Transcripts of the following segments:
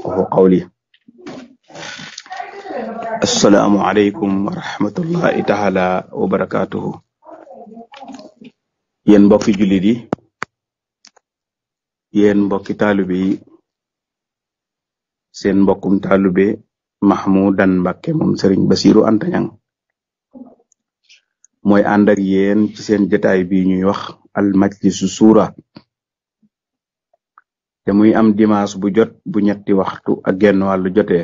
وفقه قولي السلام عليكم ورحمة الله تعالى وبركاته yéen mbokki jullit yi yéen mbokki taalibe yi seen mbokkum taalibe Mahmoudan Mbacké moom Serigne Bassirou Anta Niang mooy ànd ak yéen ci seen jotaay bi ñuy wax al majlisu suura te muy am dimanche bu jot bu ñetti waxtu ak genn walu joté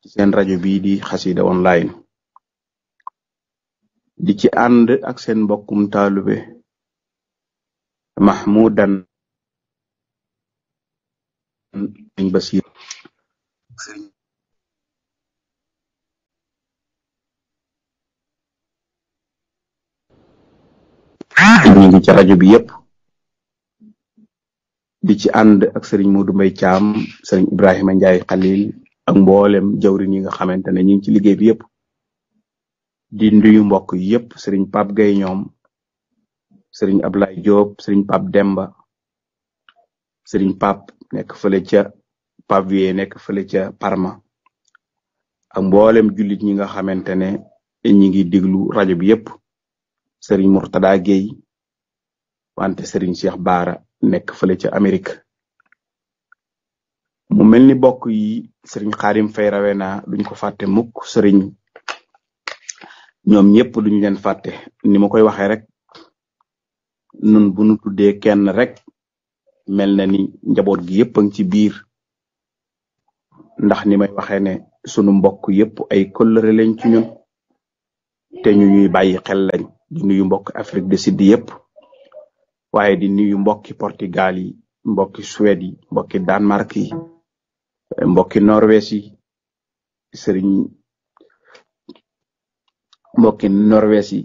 ci seen radio bi di xasida online di ci and ak seen mbokkum talube mahmudan ñu basir ñu ngi ci radio bi yépp di ci ànd ak sëriñ Modou Mbaye Thiam sëriñ Ibrahima Ndiaye Khalil ak mboolem jawri ñi nga xamante ne ñu ngi ci liggéey bi yépp di nuyu mbokk yépp sëriñ pap Gueye ñoom sëriñ Ablaye Diop sëriñ Pap Demba sëriñ pap nekk fële ca Pape nekk fële ca Parma ak mboolem jullit ñi nga xamante ne ñi ngi diglu rajo bi yépp sëriñ Murtada Gueye wante sëriñ Cheikh Bara nekk fële ca Amérique mu mel ni bokk yi sëriñ Xaadim Fay Rawena duñ ko fàtte mukk sëriñ ñoom ñëpp duñ leen fàtte ni ma koy waxee rek nun bu nu tuddee kenn rek mel na ni njaboot gi yëpp a ngi ci biir ndax ni may waxee ne sunu mbokk yëpp ay kóllëre lañ ci ñun te ñu ñuy bàyyi xel lañ di nuyu mbokk Afrique du Sud yëpp. waaye di nuyu mbokki Portugal yi mbokki Suède yi mbokki Danemark yi mbokki Norvège yi sëriñ mbokki Norvège yi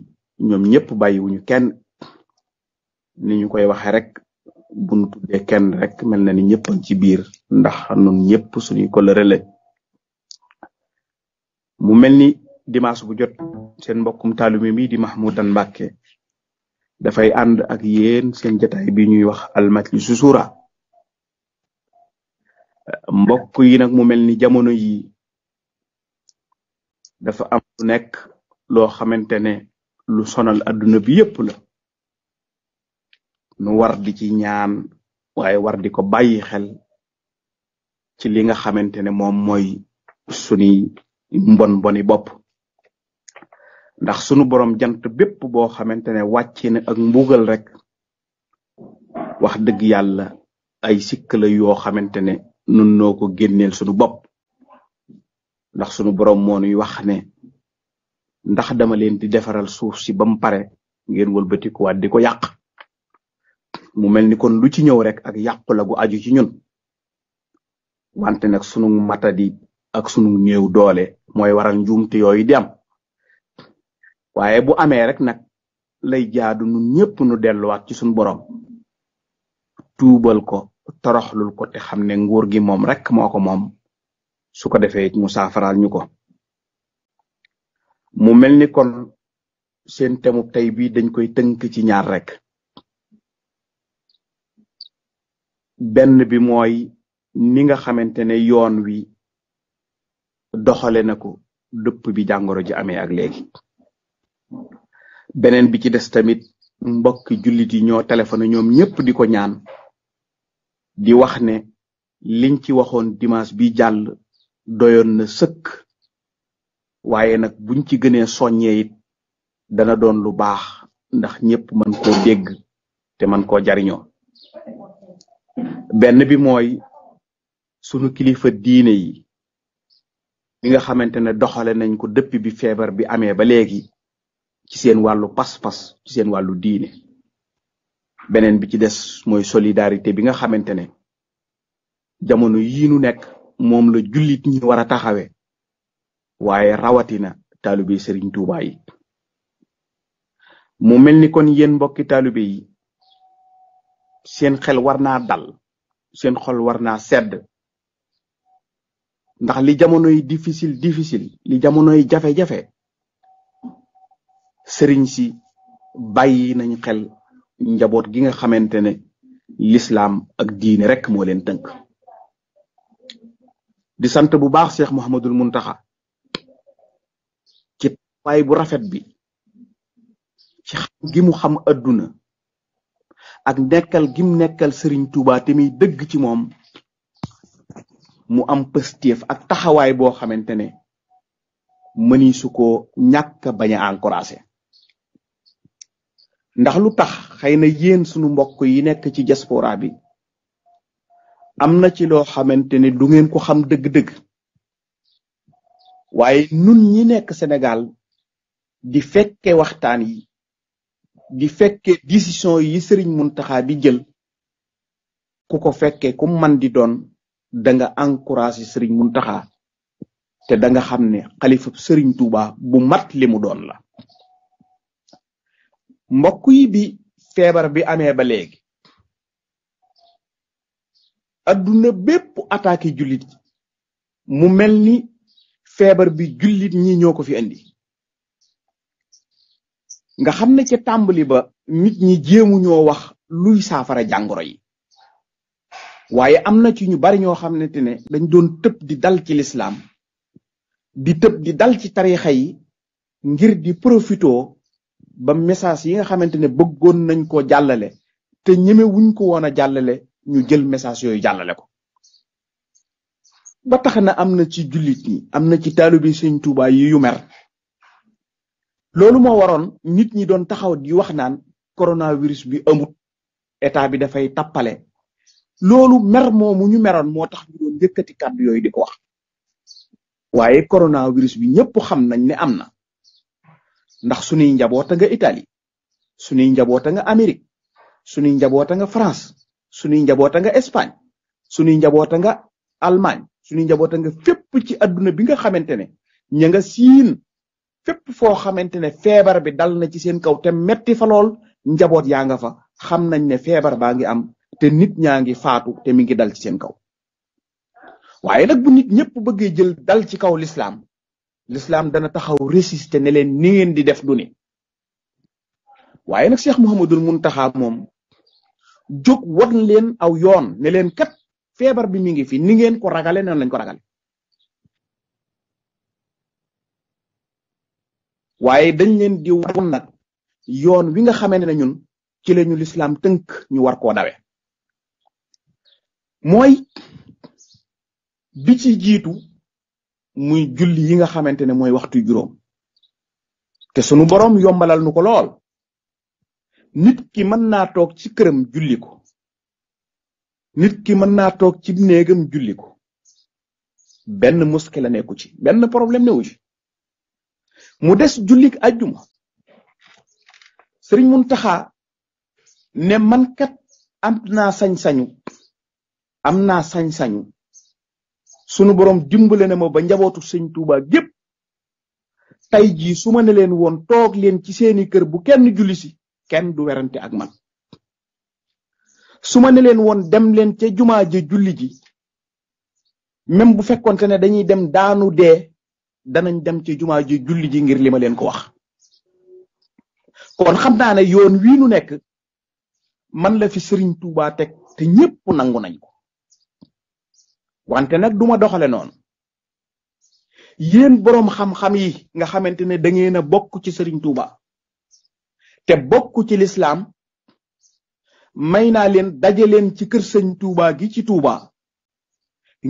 ñoom ñëpp bàyyiwuñu kenn ni ñu koy waxe rek bu nu tuddee kenn rek mel na ni ñëpp ci biir ndax nun ñëpp suñuy kolëre la mu mel ni dimanche bu jot seen mbokkum taalumi mi di Mahmoudan Mbacke dafay ànd ak yéen seen jataay bi ñuy wax almajlisu susura mbokk yi nag mu mel ni jamono yi dafa am lu nekk loo xamante ne lu sonal adduna bi yépp la nu war ci ñaan waaye war di ko bàyyi xel ci li nga xamante ne moom mooy suñuy mbon boni bopp ndax sunu borom jant bépp boo xamante ne wàcce na ak mbugal rek wax dëgg yàlla ay sikkala yoo xamante ne nun noo ko génneel sunu bopp ndax sunu borom moo nuy wax ne ndax dama leen di defaral suuf si ba mu pare ngeen wëlbatikuwaat di ko yàq mu mel ni kon lu ci ñëw rek ak yàqu gu aju ci ñun wante nag sunu matadi ak sunu ñëw doole mooy waral njuumte yooyu di am waaye bu amee rek nag lay jaadu nun ñëpp nu delluwaat ci suñu borom tuubal ko toroxlul ko te xam ne nguur gi moom rek moo ko moom su ko defee mu saafaraal ñu ko mu mel ni kon seen temub tey bii dañ koy tënk ci ñaar rek benn bi mooy ni nga xamante ne yoon wi doxalee na ko dëpp bi jàngoro ji amee ak léegi beneen bi ci des tamit mbokki jullit yi ñoo téléphoné ñoom ñëpp di ko ñaan di wax ne liñ ci waxoon dimanche bi jàll doyoon na sëkk waaye nag buñ ci gënee soññee it dana doon lu baax ndax ñëpp mën koo dégg te mën koo jariñoo benn bi mooy sunu kilifa diine yi li nga xamante ne doxale nañ ko dëpp bi feebar bi amee ba léegi ci seen wàllu pas-pas ci seen wàllu diine beneen bi ci des mooy solidarité bi nga xamante ne jamono yii nu nekk moom la jullit ñi war a taxawee waaye rawatina taalibe Serigne Touba yi mu mel ni kon yéen mbokki taalibe yi seen xel war naa dal seen xol war naa sedd ndax li jamonoy difficile difficile li jamonoy jafe-jafe. sëriñ si bàyyi nañ xel njaboot gi nga xamante ne lislaam ak diine rek moo leen tënk di sant bu baax Cheikh Mouhamadul Muntaxa ci taxawaay bu rafet bi ci xam gi xam adduna ak nekkal gim nekkal sëriñ Tuuba te muy dëgg ci moom mu am pëstéef ak taxawaay boo xamante ne mëni su ko ñàkk bañ a encouragé ndax lu tax xeyna yeen suñu mbokk yi nekk ci diaspora bi amna ci lo xamanteni du ngeen ko xam deug deug waye nun ñi nekk senegal di fekke waxtaan yi di fekke decision yi serigne muntaha bi jël ku ko fekke ku man di doon da nga encourager serigne muntaha te da nga xamne khalifa serigne touba bu mat limu la mbokk yi bi feebar bi amee ba léegi adduna bépp attaqué jullit mu mel ni feebar bi jullit ñi ñoo ko fi indi nga xam ne ca tàmbali ba nit ñi jéemu ñoo wax luy saafara jàngoro yi waaye am na ci ñu bari ñoo xam ne te ne dañ doon tëb di dal ci lislaam di tëb di dal ci tarixa yi ngir di profito ba message yi nga xamantene ne bëggoon nañ ko jàllale te ñeme wuñ ko woon a jàllale ñu jël message yooyu jàllale ko ba tax na am na ci jullit ni am ci tuuba yi yu mer loolu moo waroon nit ñi doon taxaw di wax naan coronavirus bi amut état bi dafay tappale loolu mer moomu ñu meroon moo tax ñu doon kàddu yooyu di ko wax waaye coronavirus bi ñëpp xam nañ ne am ndax sunuy njaboota nga Italie sunuy njaboota nga Amérique sunuy njaboota nga France sunuy njaboota nga Espagne sunuy njaboota nga Allemagne sunuy njaboota nga fépp ci adduna bi nga xamante ne ña nga siin fépp foo xamante ne feebar bi dal na ci seen kaw te metti fa lool njaboot yaa nga fa xam nañ ne feebar baa ngi am te nit ñaa ngi faatu te mi ngi dal ci seen kaw waaye nag bu nit ñëpp bëggee jël dal ci kaw lislaam l'islam dana taxaw résister ne leen ni ngeen di def du ni waaye nag Cheikh Mouhamadul Muntaxa moom jóg won leen aw yoon ne leen kat feebar bi mi ngi fi ni ngeen ko ragale nan lañ ko ragale waaye dañ leen di won nag yoon wi nga xamee ne ñun ci lañu lislaam tënk ñu war koo dawe mooy bi ci jiitu muy julli yi nga xamantene moy waxtu juróom te sunu borom yombalal nuko ko nit ki man na tok ci kërëm julli ko nit ki man na tok ci neegam julli ko Ben muske la neeku ci ben problème neewu ci mu des jullik aljuma serigne muntaha ne man kat amna sañ-sañu amna sañ-sañu sunu borom dimbale na ma ba njabootu sëñ Touba gépp tey jii su ma ne leen woon toog leen ci seeni kër bu kenn julli si kenn du werante ak man suma ma leen woon dem leen ca jumaa ja julli ji même bu fekkonte ne dañuy dem daanu dee danañ dem ca jumaa ji julli ji ngir li ma leen ko wax kon xam naa ne yoon wii nu nekk man la fi Serigne Touba teg te ñépp nangu nañ ko wante nag duma doxale noonu yéen boroom xam-xam yi nga xamante ne da a bokk ci Serigne Touba te bokk ci lislaam may naa leen daje leen ci kër Serigne Touba gi ci Touba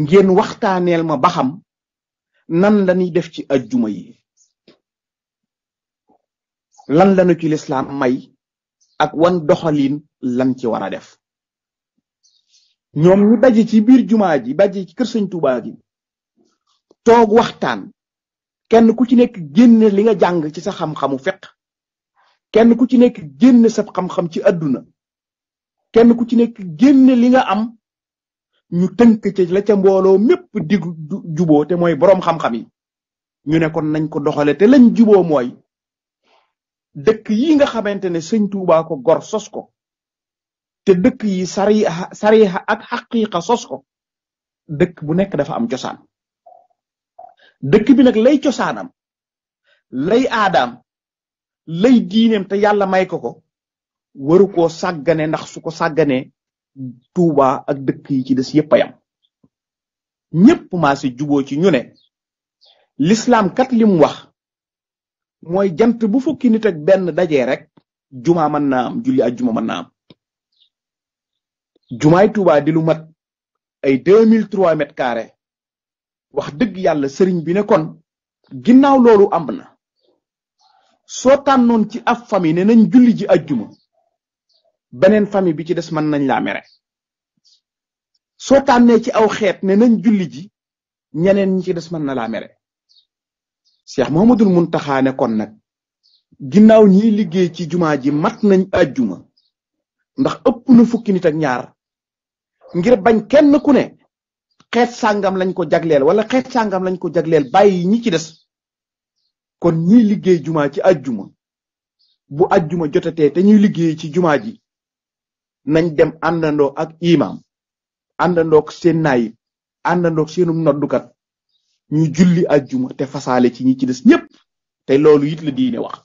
ngeen waxtaaneel ma ba xam nan lañuy def ci ajjuma yi lan lañu ci lislaam may ak wan doxalin lan ci war a def ñoom ñu daje ci biir jumaa ji daje ci kër sëñ Tuubaa gi toog waxtaan kenn ku ci nekk génne li nga jàng ci sa xam-xamu kenn ku ci nekk génne sa xam ci àdduna kenn ku ci nekk génne li nga am ñu tënk ci la ca mbooloo mépp di juboo te mooy boroom xam-xam yi ñu ne kon nañ ko doxale te lañ juboo mooy dëkk yi nga xamante ne sëñ Tuubaa ko gor sos ko te dëkk yi sariha sariha ak xaqiqa sos ko dëkk bu nekk dafa am cosaan dëkk bi nag lay cosaanam lay aadaam lay diineem te yàlla may ko ko waru koo sàggane ndax su ko sàgganee Tuuba ak dëkk yi ci des yépp a yam ñépp maa si juboo ci ñu ne lislaam kat lim wax mooy jant bu fukki nit ak benn dajee rek juma man naa am julli ak juma mën naa am jumaay Touba di lu ay deux mille wax dëgg yàlla sëriñ bi ne kon ginnaaw loolu am na soo tànnoon ci ab famille ne nañ julli ji ajjuma beneen famille bi ci des man nañ laa mere soo tànnee ci aw xeet ne nañ julli ji ñeneen ñi ci des mën na laa mere Cheikh Mouhamadul Muntaxa ne kon nag ginnaaw ñi liggéey ci jumaa ji mat nañ ajjuma ndax ëpp na fukki nit ñaar ngir bañ kenn ku ne xeet sàngam lañ ko jagleel wala xeet sàngam lañ ko jagleel bàyyi ñi ci des kon ñiy liggéey jumaa ci ajjuma bu ajjuma jotatee te ñuy liggéey ci jumaa ji nañ dem àndandoo ak imaam àndandoo ak seen naayib àndandoo seenum noddukat ñu julli ajjuma te fasaale ci ñi ci des ñépp te loolu it la diine wax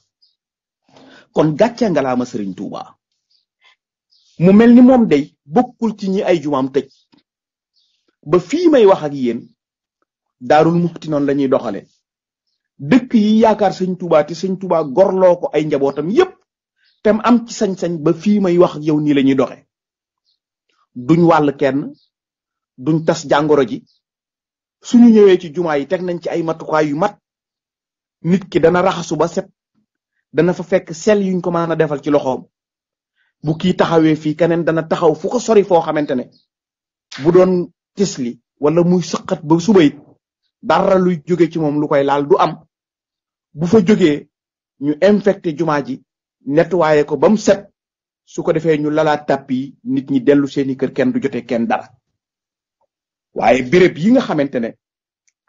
kon gàcce ngalaama Sëriñ Tuuba mu melni ni day bokul ci ñi ay jumaam tëj ba fi may wax ak yeen darul mufti non lañuy doxale dekk yi yaakar sëñ touba ci touba ay njabotam yépp tem am ci sañ-sañ ba fi may wax ak yow ni lañuy doxé duñ wal kenn duñ tas jangoro ji suñu ñëwé ci juma yi tek nañ ci ay matukaay yu mat nit ki dana raxasu ba set dana fa fekk sel yuñ ko mëna ci loxom bu kii taxawé fi kenen dana taxaw fu ko sori fo xamantene bu don tisli wala muy sekkat ba subay dara luy jóge ci mom lu koy du am bu fa jógee ñu infecté jumaa ji nettoyé ko bam set suko ko ñu lala tapi nit ñi dellu seeni kër kenn du jote kenn dara waaye béréb yi nga xamantene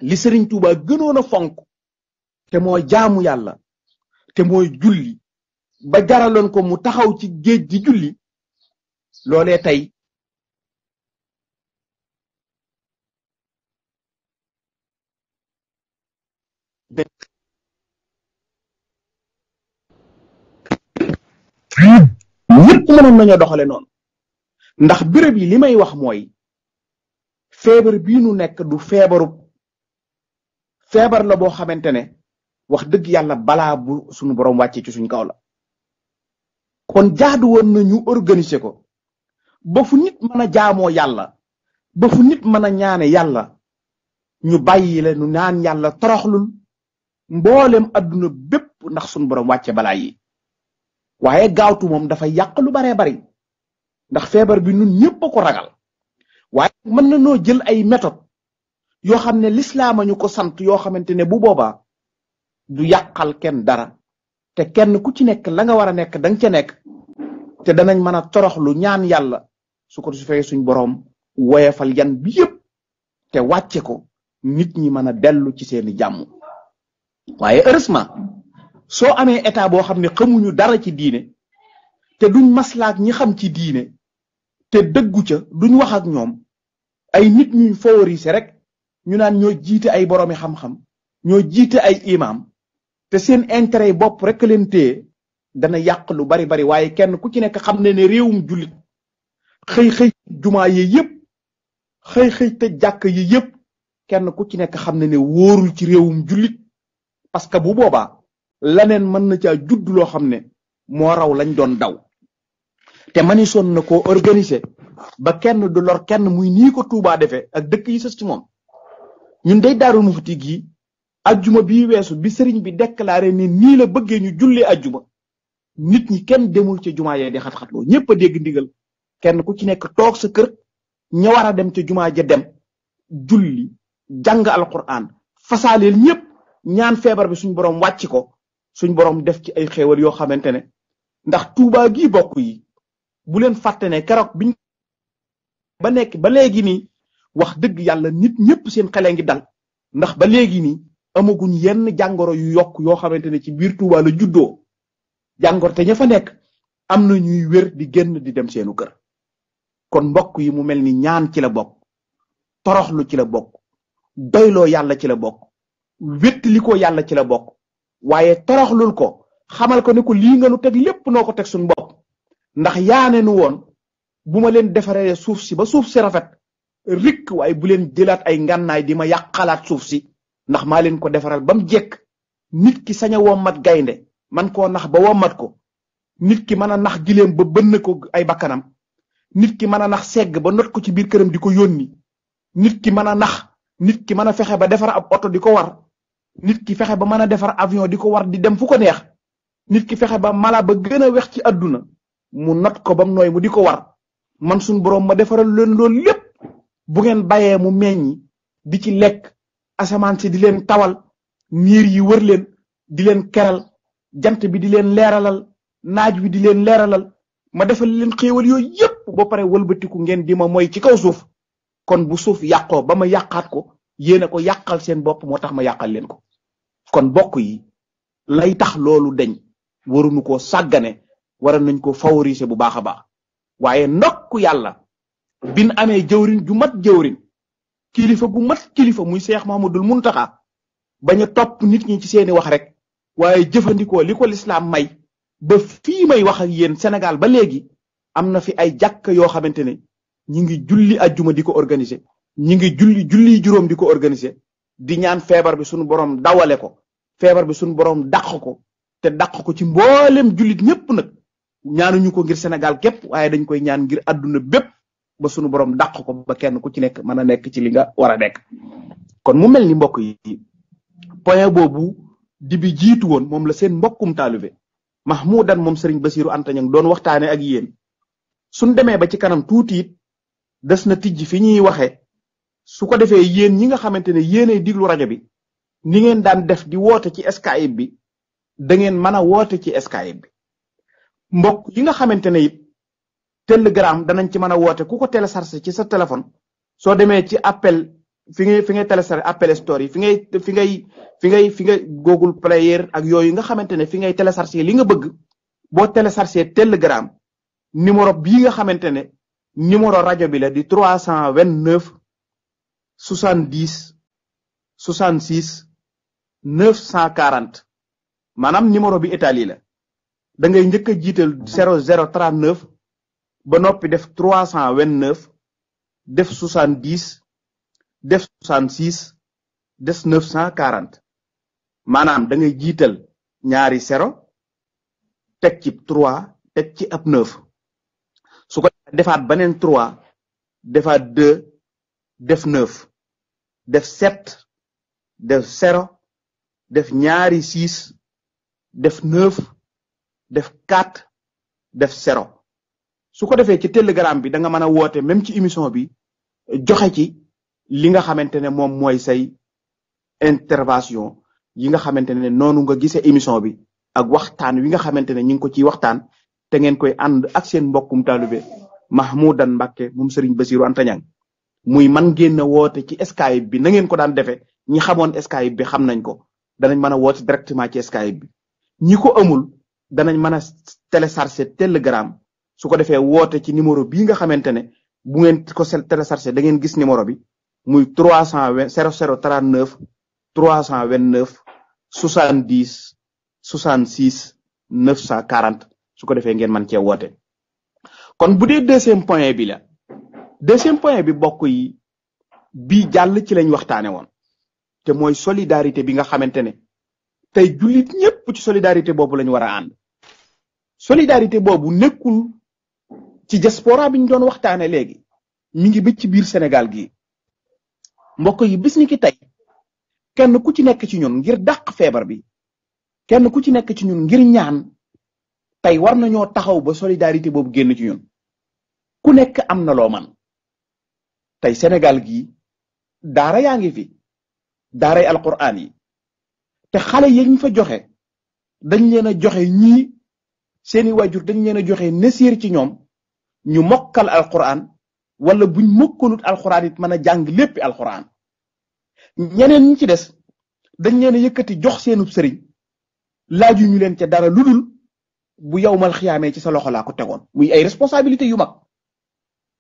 li sëriñ touba gënoon fonk te mo jaamu yalla te julli ba jaraloon ko mu taxaw ci géej di julli loolee tey ñëpp mënoon nañoo doxale noonu ndax béréb yi may wax mooy feebar bii nekk du feebaru feebar la boo xamante ne wax dëgg yàlla balaa bu sunu borom wàccee ci suñ kaw la kon jaadu won nañu organiser ko ba fu nit mëna jaamo yalla ba fu nit mëna ñaané yalla ñu bayyi la nu naan yalla toroxlul mboolem aduna bepp ndax sun borom wacce balaa yi waye gaawtu mom dafa yaq lu bare bare ndax febar bi nun ñepp ko ragal waye mën na no jël ay méthode yo xamné ne ñu ko sant yo xamantene bu boba du yakal ken dara te kenn ku ci nekk la nga war a nekk da nga ca nekk te danañ mën a toroxlu ñaan yàlla su ko su fee borom boroom woyefal yan bi yëpp te wàcce ko nit ñi mën a dellu ci seeni jàmm waaye heureusement soo amee état boo xam ne xamuñu dara ci diine te duñ maslaak ñi xam ci diine te dëggu ca duñ wax ak ñoom ay nit ñuy favoriser rek ñu naan ñoo jiite ay boromi xam-xam ñoo jiite ay imam te seen intérêt yi bopp rek leen téye dana yàq lu bari bari waaye kenn ku ci nekk xam ne ne réewum jullit xëy xëy jumaa yi yëpp xëy xëy te jàkk yi yëpp kenn ku ci nekk xam ne ne wóorul ci réewum jullit parce que bu boobaa laneen mën na caa judd loo xam ne moo raw lañ doon daw te mani soon na ko organiser ba kenn du lor kenn muy nii ko Touba defee ak dëkk yi sës ci moom ñun day daarul mufti gi ajuma bi wessu bi sëriñ bi déclaré ni ni la bëggé ñu ajuma nit ñi kenn demul ci juma yee ya di xat xat lo ñepp dégg ndigal kenn ku ci nekk tok sa kër ña dem ci juma ja dem julli jang alquran fasaaleel ñepp ñaan feebar bi suñ borom wacc ko suñ borom def ci ay xéewal yo xamantene ndax touba gi bokku yi bu len fàtte ne kérok biñ ba nekk ba légui ni wax dëgg yalla nit ñepp seen xalé ngi dal ndax ba légui ni amaguñ yenn jàngoro yu yokk yoo xamante ne ci biir tuuba la juddoo jàngor te ña fa nekk ñuy wér di génn di dem seenu kër kon mbokk yi mu mel ni ñaan ci la bokk toroxlu ci la bokk doyloo yàlla ci la bokk wéttalikoo yàlla ci la bokk waaye toroxlul ko xamal ko ne ko lii nga nu teg lépp noo ko teg suñ ndax yaane nu woon bu ma leen suuf si ba suuf si rafet rik waaye bu leen jëlaat ay ngànnaay di ma yàqalaat suuf si ndax ma leen ko defaral bam jek nit ki saña wo mat gaynde man ko nax ba mat ko nit ki mana nax gileem ba bënn ko ay bakkanam nit ki mana nax segg ba not ko ci biir kërëm diko nit ki mana nax nit ki mana fexé ba defar ab auto diko war nit ki fexé ba mana defar avion diko war di dem fu ko neex nit ki fexé ba mala ba gëna wex ci aduna mu not ko bam noy mu diko war man sun borom ma defaral leen loolu lepp bu ngeen bayee mu meññi di ci lek asamaan si di leen tawal niir yi wër leen di leen keral jant bi di leen leeralal naaj bi di leen leeralal ma defal leen xéewal yooyu yépp ba pare wëlbatiku ngeen di ma moy ci kaw suuf kon bu suuf yàqoo ba ma yàqaat ko yéen ko yàqal seen bopp moo ma yàqal leen ko kon bokk yi lay tax loolu dañ waruñu koo sàggane wara nañ ko favoriser bu baax a baax waaye bin amee jëwrin ju mat jëwrin kilifa gu mat kilifa muy seex Muhammadul Muntaxa bañ a topp nit ñi ci seeni wax rek waaye jëfandikoo li ko lislaam may ba fii may wax ak yéen Sénégal ba léegi am na fi ay jàkk yoo xamante ne ñi ngi julli ajjuma di ko organiser ngi julli julli juróom di organiser di ñaan feebar bi suñu borom dawale ko feebar bi suñu borom dàq ko te dàq ko ci mboolem jullit ñépp nag ñaanuñu ko ngir Sénégal képp waaye dañ koy ñaan ngir àdduna bépp ba sunu borom dakk ko ba kenn ku ci nekk mën a nekk ci li nga war a nekk kon mu mel ni mbokk yi point boobu di bi jiitu woon moom la seen mbokkum taalube mahmoudan moom sëriñ basiru antañang doon waxtaane ak yéen suñ demee ba ci kanam tuuti des na tijj fi ñuy waxe su ko defee yéen ñi nga xamante ne diglu rajo bi ni ngeen daan def di woote ci skype bi da ngeen mën a ci skype bi mbokk yi nga xamante ne telegram danañ ci mën a woote ku ko télécharger ci sa téléphone soo demee ci appel fi ngay fi ngay télécharger appel store yi fi ngay fi ngay fi ngay fi ngay google player ak yooyu nga xamante ne fi ngay télécharger li nga bëgg boo télécharger telegram numéro bii nga xamante ne numéro rajo bi la di trois cent vingt neuf soixante dix soixante six neuf cent quarante maanaam numéro bi Italie la da ngay njëkk a jiital zéro zéro trente neuf ba noppi def trois cent vingt neuf def soixante dix def soixante six des neuf cent quarante maanaam da ngay jiital ñaari zéro teg trois teg ci ab neuf su ko defaat beneen trois defaat deux def neuf def sept def zéro def ñaari six def neuf def quatre def zéro su ko defee ci telegram bi da nga mën a woote même ci émission bi joxe ci li nga xamante ne moom mooy say intervention yi nga xamante ne noonu nga gisee émission bi ak waxtaan wi nga xamante ne ñu ngi ko ciy waxtaan te ngeen koy ànd ak seen mbokkum taalube Mahmoudan Mbacke moom Serigne Bassirou Anta Niang muy man ngeen woote ci Skype bi na ngeen ko daan defee ñi xamoon Skype bi xam nañ ko danañ mën a woote directement ci Skype bi ñi ko amul danañ mën a télécharger Telegram su ko defee woote ci numéro bi nga xamante ne bu ngeen ko téléchargé da ngeen gis numéro bi muy 320 0039 329 70 66 940 su ko defee ngeen man cee woote kon bu dee deuxième point bi la deuxième point bi bokk yi bi jàll ci lañ waxtaane woon te mooy solidarité bi nga xamante ne tey julit ñépp ci solidarité boobu lañ war a ànd solidarité boobu nekkul ci diaspora bi ñu doon waxtaane léegi mi ngi bëcc ci biir Sénégal gi mbokk yi bis ni ki tey kenn ku ci nekk ci ñun ngir dàq feebar bi kenn ku ci nekk ci ñun ngir ñaan tey war nañoo taxaw ba solidarité boobu génn ci ñun ku nekk am na loo man tey Sénégal gi daara yaa ngi fi daaray alquraan yi te xale yañ fa joxe dañ leen a joxe ñii seeni waajur dañ leen a joxe nasiir ci ñoom ñu mokkal alquran wala buñ mokkalut alquran it mën a jàng léppi alquran ñeneen ñi ci des dañ leen a yëkkati jox seenub sëriñ laaju ñu leen ca dara lu dul bu yowmal xiyaamee ci sa loxo laa ko tegoon muy ay responsabilité yu mag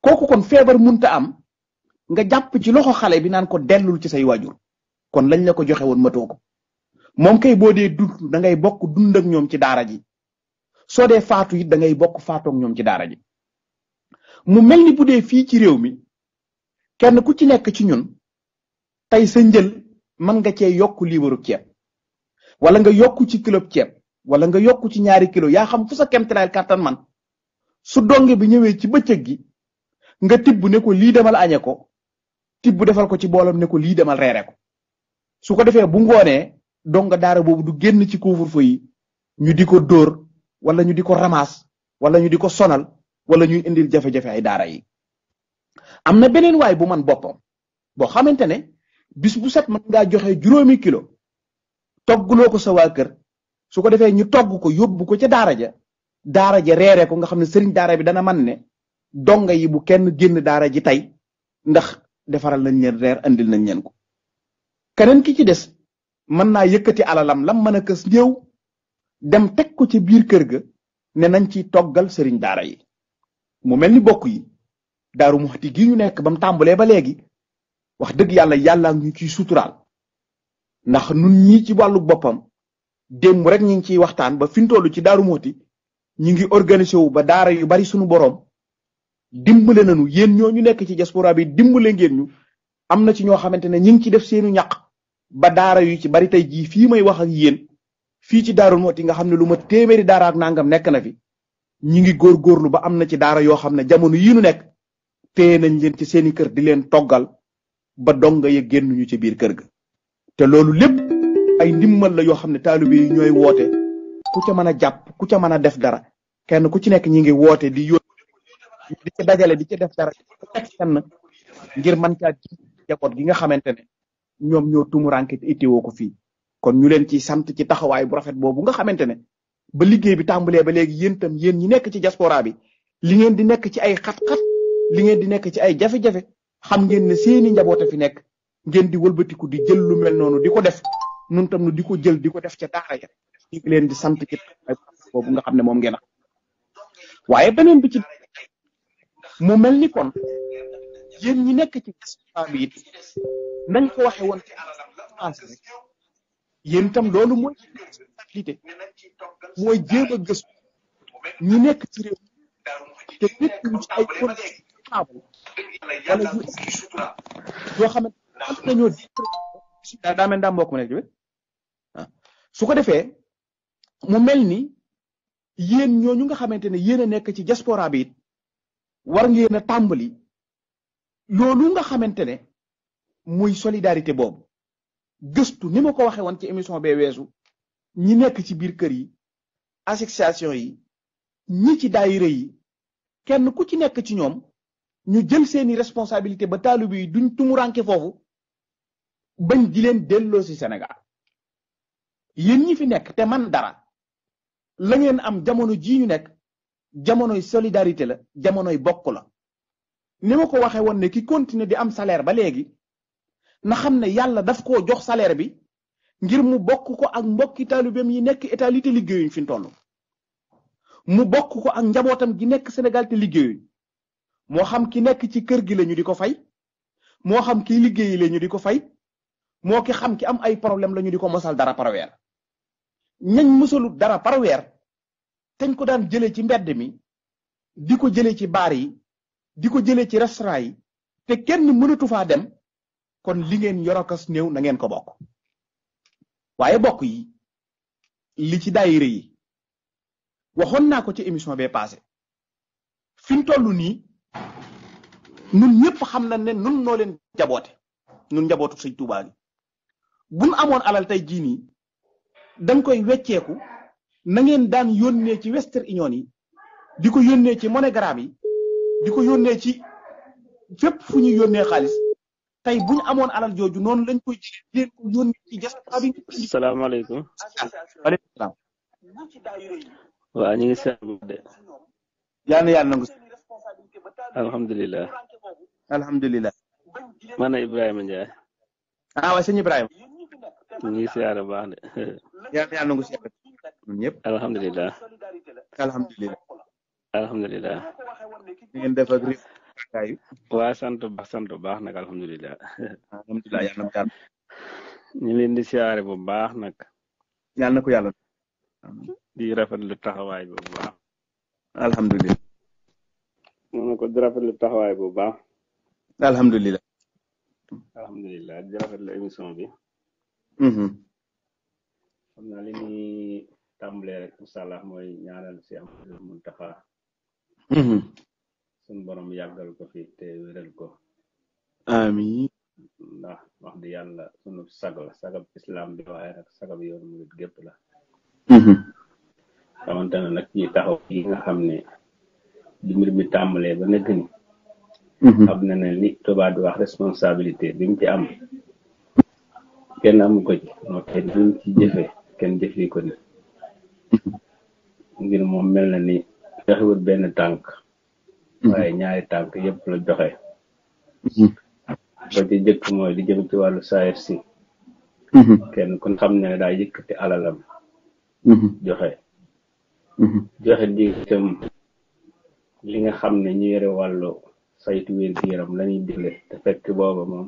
kooku kon feebar munta am nga jàpp ci loxo xale bi naan ko dellul ci say waajur kon lañ la ko joxewoon woon matoo ko moom kay boo dee dund da ngay bokk dund ak ñoom ci daara ji soo dee faatu it da ngay bokk faatoog ñoom ci daara ji mu mel ni bu dee fii ci réew mi kenn ku ci nekk ci ñun tey sa njël mën nga cee yokk liibaru ceeb wala nga yokk ci club ceeb wala nga yokk ci ñaari kilo yaa xam fu sa trail kàttan man su donge bi ñëwee ci bëccëg gi nga tibb ne ko lii demal añe ko tibb defal ko ci boolam ne ko lii demal reere ko su ko defee bu ngoonee donga daara boobu du génn ci couvre-feu yi ñu di ko dóor wala ñu di ko ramaas wala ñu di ko sonal wala ñuy indil jafe ay daara yi am na beneen waay bu man boppam boo xamante ne bis bu set mën ngaa joxe juróomi kilo togguloo ko sa waa kër su ko defee ñu togg ko yóbbu ko ca daara ja daara ja reere ko nga xam ne sëriñ daara bi dana man ne donga yi bu kenn génn daara ji tey ndax defaral nañ leen reer andil nañ leen ko keneen ki ci des mën naa yëkkati alalam lam mën a kës néew dem teg ko ca biir kër ga ne nañ ci toggal sëriñ daara yi mu mel ni bokk yi daaru muxti gi ñu nekk ba mu tàmbalee ba léegi wax dëgg yàlla yàlla ñu ci suturaal ndax nun ñii ci wàllu boppam démb rek ñu ngi ciy waxtaan ba fi ñu toll ci daaru muxti ñu ngi organisé wu ba daara yu bari suñu boroom dimbale nu yéen ñoo ñu nekk ci diaspora bi dimbale ngeen ñu am na ci ñoo xamante ne ñu ngi ci def seenu ñaq ba daara yu ci bari tey jii fii may wax ak yéen fii ci daaru muxti nga xam ne lu ma téeméeri daara ak nangam nekk na fi ñi ngi góorgóorlu ba am na ci daara yoo xam ne jamono yi nu nekk téye nañ leen ci seeni kër di leen toggal ba dong donga ya génnuñu ci biir kër ga te loolu lépp ay ndimmal la yoo xam ne taalibe yi ñooy woote ku ca mën a jàpp ku ca mën a def dara kenn ku ci nekk ñi ngi woote di yónni di ci dajale di ci def dara teg kenn ngir mën caa ji jaboot gi nga xamante ne ñoom ñoo tumuranke te itteewoo ko fii kon ñu leen ci sant ci taxawaay bu rafet boobu nga xamante ne ba liggéey bi tàmbalee ba léegi yéen itam yéen ñi nekk ci diaspora bi li ngeen di nekk ci ay xat-xat li ngeen di nekk ci ay jafe-jafe xam ngeen ne seeni a fi nekk ngeen di wëlbatiku di jël lu mel noonu di ko def nun tam nu di ko jël di ko def ca daara ja leen di sant ci boobu nga xam ne moom ngeen waaye beneen bi ci mu mel ni kon yéen ñi nekk ci diaspora bi it nañ ko waxe woon ci yéen itam loolu mooy facilité mooy jéem a gëstu ñu nekk ci réew te ci ay wala ñu yoo xamante am mbokk ma nekk jiwét ah. su ko defee mu mel ni yéen ñooñu nga xamante ne yéen a nekk ci diaspora bi it war ngeen a tàmbali loolu nga xamante ne muy solidarité boobu gëstu ni ma ko waxee woon ci émission bee weesu ñi nekk ci biir kër yi association yi ñi ci daayira yi kenn ku ci nekk ci ñoom ñu jël seeni responsabilité ba taalu bi duñ tumuranke foofu bañ di leen delloo si Sénégal yéen ñi fi nekk te man dara la ngeen am jamono jii ñu nekk jamonoy solidarité la jamonoy bokk la ni ma ko waxee woon ne ki continuer di am salaire ba léegi na xam ne yàlla daf koo jox salaire bi ngir mu bokk ko ak mbokki taalibeem yi nekk Italie te liggéeyuñ fi mu toll mu bokk ko ak njabootam gi nekk Sénégal te liggéeyuñ moo xam ki nekk ci kër gi la ñu di ko fay moo xam ki liggéeyi la ñu di ko fay moo ki xam ki am ay problème la ñu di ko mosal dara par weer ñañ mosalut dara par weer teñ ko daan jëlee ci mbedd mi di ko jëlee ci baar yi di ko jëlee ci restaurant yi te kenn mënatu faa dem kon li ngeen yorokas néew na ngeen ko bokk. waaye bokk yi li ci daayire yi waxoon naa ko ci émission bee passé fi mu toll nii nun ñëpp xam na ne nun noo leen jaboote nun njabootu sëñ Tuubaa gi buñ amoon alal tey jii nii dañ koy wecceeku na ngeen daan yónnee ci Western Union yi di ko yónnee ci MoneyGram yi di ko yónnee ci fépp fu ñuy yónnee xaalis tay buñ amone alal joju non lañ koy jëlee leen ko yónni ci jass diaspora bi. wa alaykum salaam. wa ñi ngi sax bu de. yàlla yàlla ngi alhamdullilah alhamdullilah man Ibrahima Ndiaye. ah wa señ Ibrahima. ñi ngi siyaare baax de. yàlla yàlla ngi siyaare. ñun ñëpp. alhamdullilah alhamdullilah alhamdulilah. ngeen def ak kay waa sant baax sant baax nag alhamdulilah. alhamdulilah yàlla na ko ñu leen di siyaare bu baax nag. yàlla na ko yàlla. di rafetlu taxawaay bu baax. alhamdulilah. di rafetlu taxawaay bu baax. alhamdulilah. alhamdulilah di émission bi. Mm-hmm. xam naa li ñuy tàmbalee rek incha suñ borom yàggal ko fi te wéral ko amin ndax wax di yàlla sunu sag la sagab islam bi waaye nag sagab yoonu gépp la mhm. xamante ne nag ñi taxaw yi nga xam ne di tàmbalee ba nekk ni mhm. xam na ni li tubaab di wax responsabilité bi mu ci am kenn amu ko ci moo ci jëfe kenn jëfee ko ni ngir mhm. moom mel na ni taxawut benn tànk Mm-hmm. waaye ñaari tànk yëpp la joxe mm-hmm. ba ci jëkk mooy li jëm ci wàllu saayir si mm-hmm. kenn kon xam ne daa yëkkati alalam joxe joxe ji itam li nga xam ne ñu yore wàllu saytu wér-gu-yaram la ñuy te fekk booba moom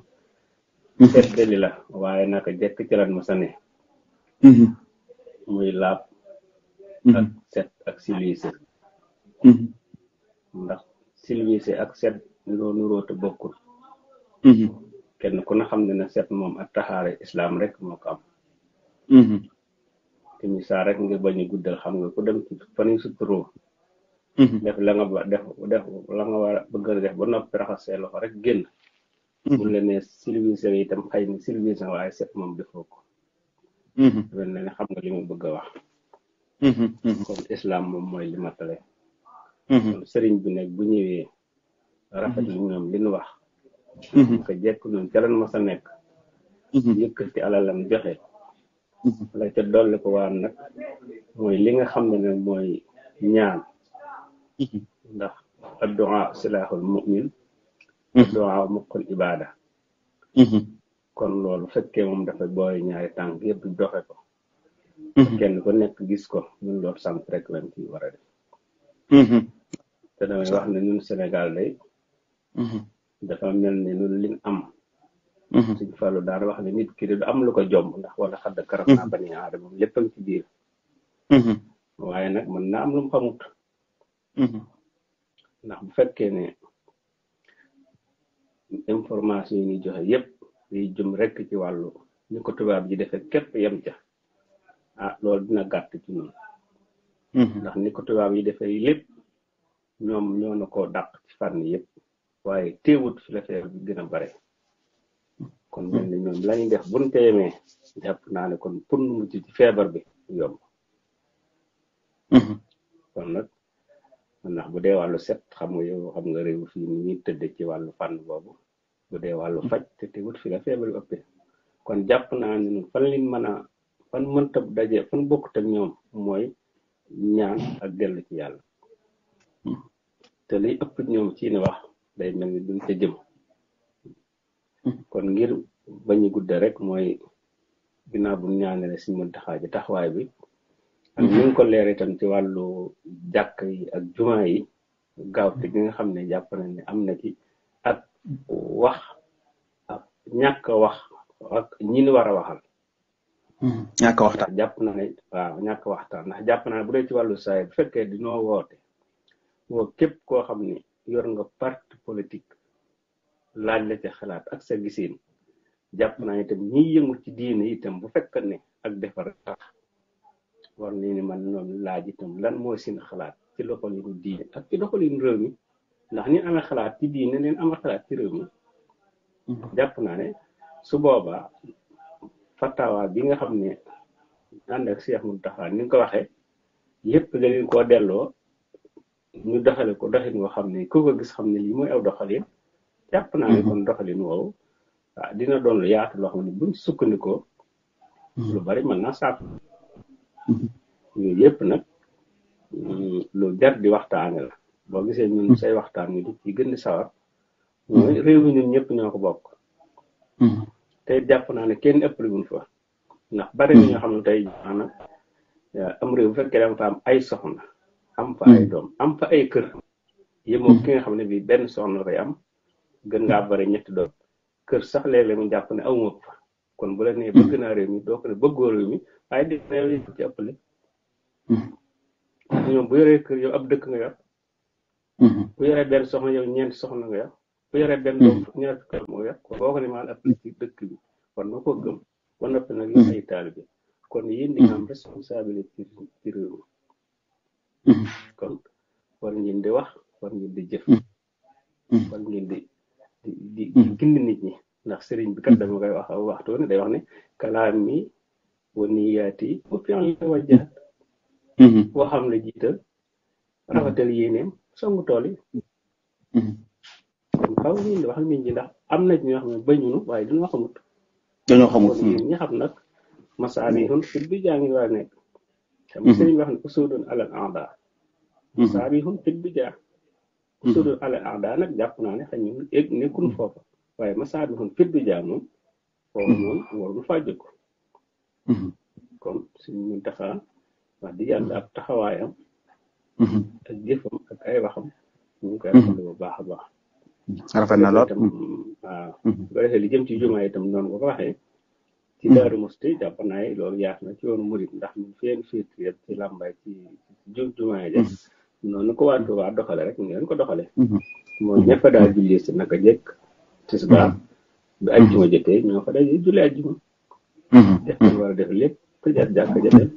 seddali la waaye naka jekk ci lan ma sane muy laab ak set ak civilisé ndax silvissé ak set niroo niroo te bokkul mhm. kenn ku ne xam ne ne set moom ak taxaare islam rek moo am mhm. te misaal rek ngir bañ a guddal xam nga ku dem ci fan yu suturoo mhm. def la nga def def la nga war a bëgg a def ba noppi raxas see loxo rek génn mun le ne silvissé itam xëy na silvissé waaye set moom defoo ko mel na xam nga li mu bëgg a wax kon islam moom mooy li Mm-hmm. sëriñ bi nag bu ñëwee rafetlu mm-hmm. ñoom li ñu wax ko mm-hmm. jekk ñun ca lan ma sa nekk yëkkati alalam joxe la ca dolli ko waan nag mooy li nga xam ne nag mooy ñaan ndax a silaaxul mu'min addu'a muqul ibada kon loolu fekkee moom dafa booy ñaari tànk yëpp doxe ko kenn ku nekk gis ko ñun loolu sant rek lañ war a def te damay wax ne ñun Sénégal day mm-hmm. dafa mel ni ñun liñ am mm-hmm. suñ fallu daal wax ne nit ki du am lu ko jom ndax wala xadd karam mm-hmm. naa bani aadama lépp ci biir waaye nag mën na am lu mu xamut ndax bu fekkee ne information yi ñuy joxe yépp yi jëm rek ci wàllu ni ko tubaab ji defee képp yem ca ah loolu dina gàtt ci ñun ndax ni ko tubaab yi defee lépp ñoom ñoo na koo dàq ci fànn yëpp waaye téewut fi la feebar bi gën bare kon mel ni ñoom lañu def buñ ko yemee jàpp naa ne kon pour nu mujj ci feebar bi yomb kon nag ndax bu dee wàllu set xam nga yow xam nga réew fii ni ñuy tëdde ci wàllu fànn boobu bu dee wàllu faj te téewut fi la feebar bi ëpp kon jàpp naa ne fan liñ mën a fan mënta daje fan bokkut ak ñoom mooy ñaan ak dellu ci yàlla te liy ëpp ñoom ci ne wax day mel ni duñ ca jëm kon ngir bañ a gudde rek mooy ginnaaw bu ñaanale si mën taxaa ji taxawaay bi ak ñu ngi ko leer itam ci wàllu jàkk yi ak jumaa yi gaaw te gi nga xam ne jàpp nañ ne am na ci ak wax ak ñàkk wax ak ñi ni war a waxal hmm, ñàkk waxtaan jàpp naa ne ñàkk waxtaan ndax jàpp naa ne bu dee ci wàllu saay bu fekkee dinoo woote wo képp koo xam yor nga parti politique laaj la ca xalaat ak sa gisiin jàpp naa itam ñiy yëngu ci diine itam bu fekk ne ak defar tax war ni man ñoom laaj itam lan mooy seen xalaat ci doxalinu diine ak ci doxalinu réew mi ndax ni amee xalaat ci diine leen amee xalaat ci réew mi jàpp naa ne su boobaa fatawa bi nga xam ne ànd ak Cheikh Mountakha ni nga ko waxee yépp da leen koo delloo ñu doxale ko doxin woo xam ne ku ko gis xam ne lii mooy aw doxalin jàpp naa ne mm-hmm. kon doxalin woowu ah, dina doon lu yaatu loo xam ne buñ sukkandikoo mm-hmm. lu bari man naa sàpp mm-hmm. yooyu yëpp nag mm, lu jar di waxtaane la boo gisee ñun say waxtaan ñu di ci gën sawar mooy réew mi ñun ñëpp ñoo ko bokk te jàpp naa ne kenn ëpp liwun fa ndax bari na ñoo xam ne tey maanaam am réew bu fekkee fa am ay soxna am fa ay hmm. doom am fa ay kër yemoo hmm. ki nga xamne bi ben soxna lay am gën nga hmm. bari ñetti doom kër sax léeg mu japp ne awu fa kon bu la ne bëgg na réew mi doo ko ne bëggoo réew mi ay di ne li ci ëppale ñoom bu yoree kër yow ab dëkk nga yor bu yoree ben soxna yow ñeenti soxna nga yor bu yoree ben doom ñaar kër mo yor ko ko ni maan ëppale ci dëkk bi kon ma ko gëm ba noppi nag ay taalibe kon yeen di am responsabilité ci réew mi kon war ngeen wax war ngeen di jëf. Mm. Mm. war ngeen di di di mm. gindi nit ñi ndax sëriñ bi kat dama koy wax waxtu ne day wax ne kalaam mi wa niyaati wa fi'li mm-hmm. jiital rafetal yéeneem songu tool yi. Mm-hmm. kon xaw ma wax nit ndax am na ñoo xam ne bañunu waaye dañoo xamut. dañoo xamut ñi xam bi jàngi waa nekk. sama sëriñ mhm. wax ne usulun alal aada mhm. saabihun fit bi jaa mhm. usulun alal aada nag jàpp naa ne xañ ñu égg nekkul foofa waaye ma saabihun fit bi jaa moom foofu moom warul faa jóg kon suñu mun taxaa wax di yàlla ab taxawaayam ak jëfam ak ay waxam ñu ngi koy a baax na lool waaw bu ko defee li jëm ci jumaa itam noonu nga ci Daaru mhm. Musti jàpp naa loolu yaatu na ci yoonu murit ndax ñun feen fiit yëpp ci làmbaay ci jum jumaa ja mhm. noonu ko waa Tuubaa doxale rek ñu ko doxale mhm. mooy ñëpp daal julli si naka jëkk tisbaar bi ajjuma jotee ñoo fa dañuy julli ajjuma def ñu war a def lépp te jar jàkk ja dem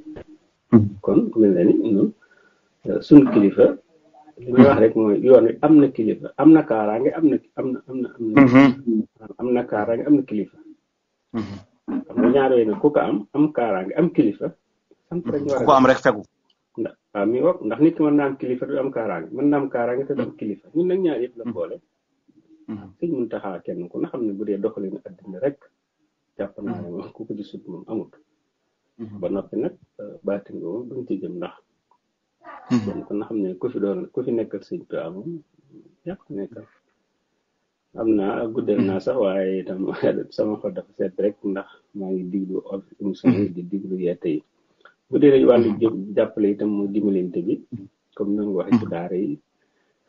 kon mel na ni ñun suñ kilifa li rek mooy yoon am na kilifa am na kaaraange am na am na kaaraange am na kilifa xam nga ñaar yooyu ku ko am am kaaraange am kilifa. sant rek ñu ku ko am rek fegu. ndax waaw mi wax ndax nit ki mën naa am kilifa du am kaaraange mën naa am kaaraange te du am kilifa ñun nag ñaar yëpp la hmm. boole. Hmm. sëñ mun taxaa kenn ku na xam ne bu dee doxalin addina rek jàpp naa ne hmm. ku ko gisut moom amut. ba noppi nag euh, baati nga moom duñ ndax. kon ku na xam fi doon ku am naa guddal mm-hmm. na sax waaye itam sama xol dafa sedd rek ndax maa ngi diglu émission yi mm-hmm. di diglu yeete yi bu dee rek wàllu mm-hmm. jàppale itam mu dimbalante bi comme na nga waxee ci daara yi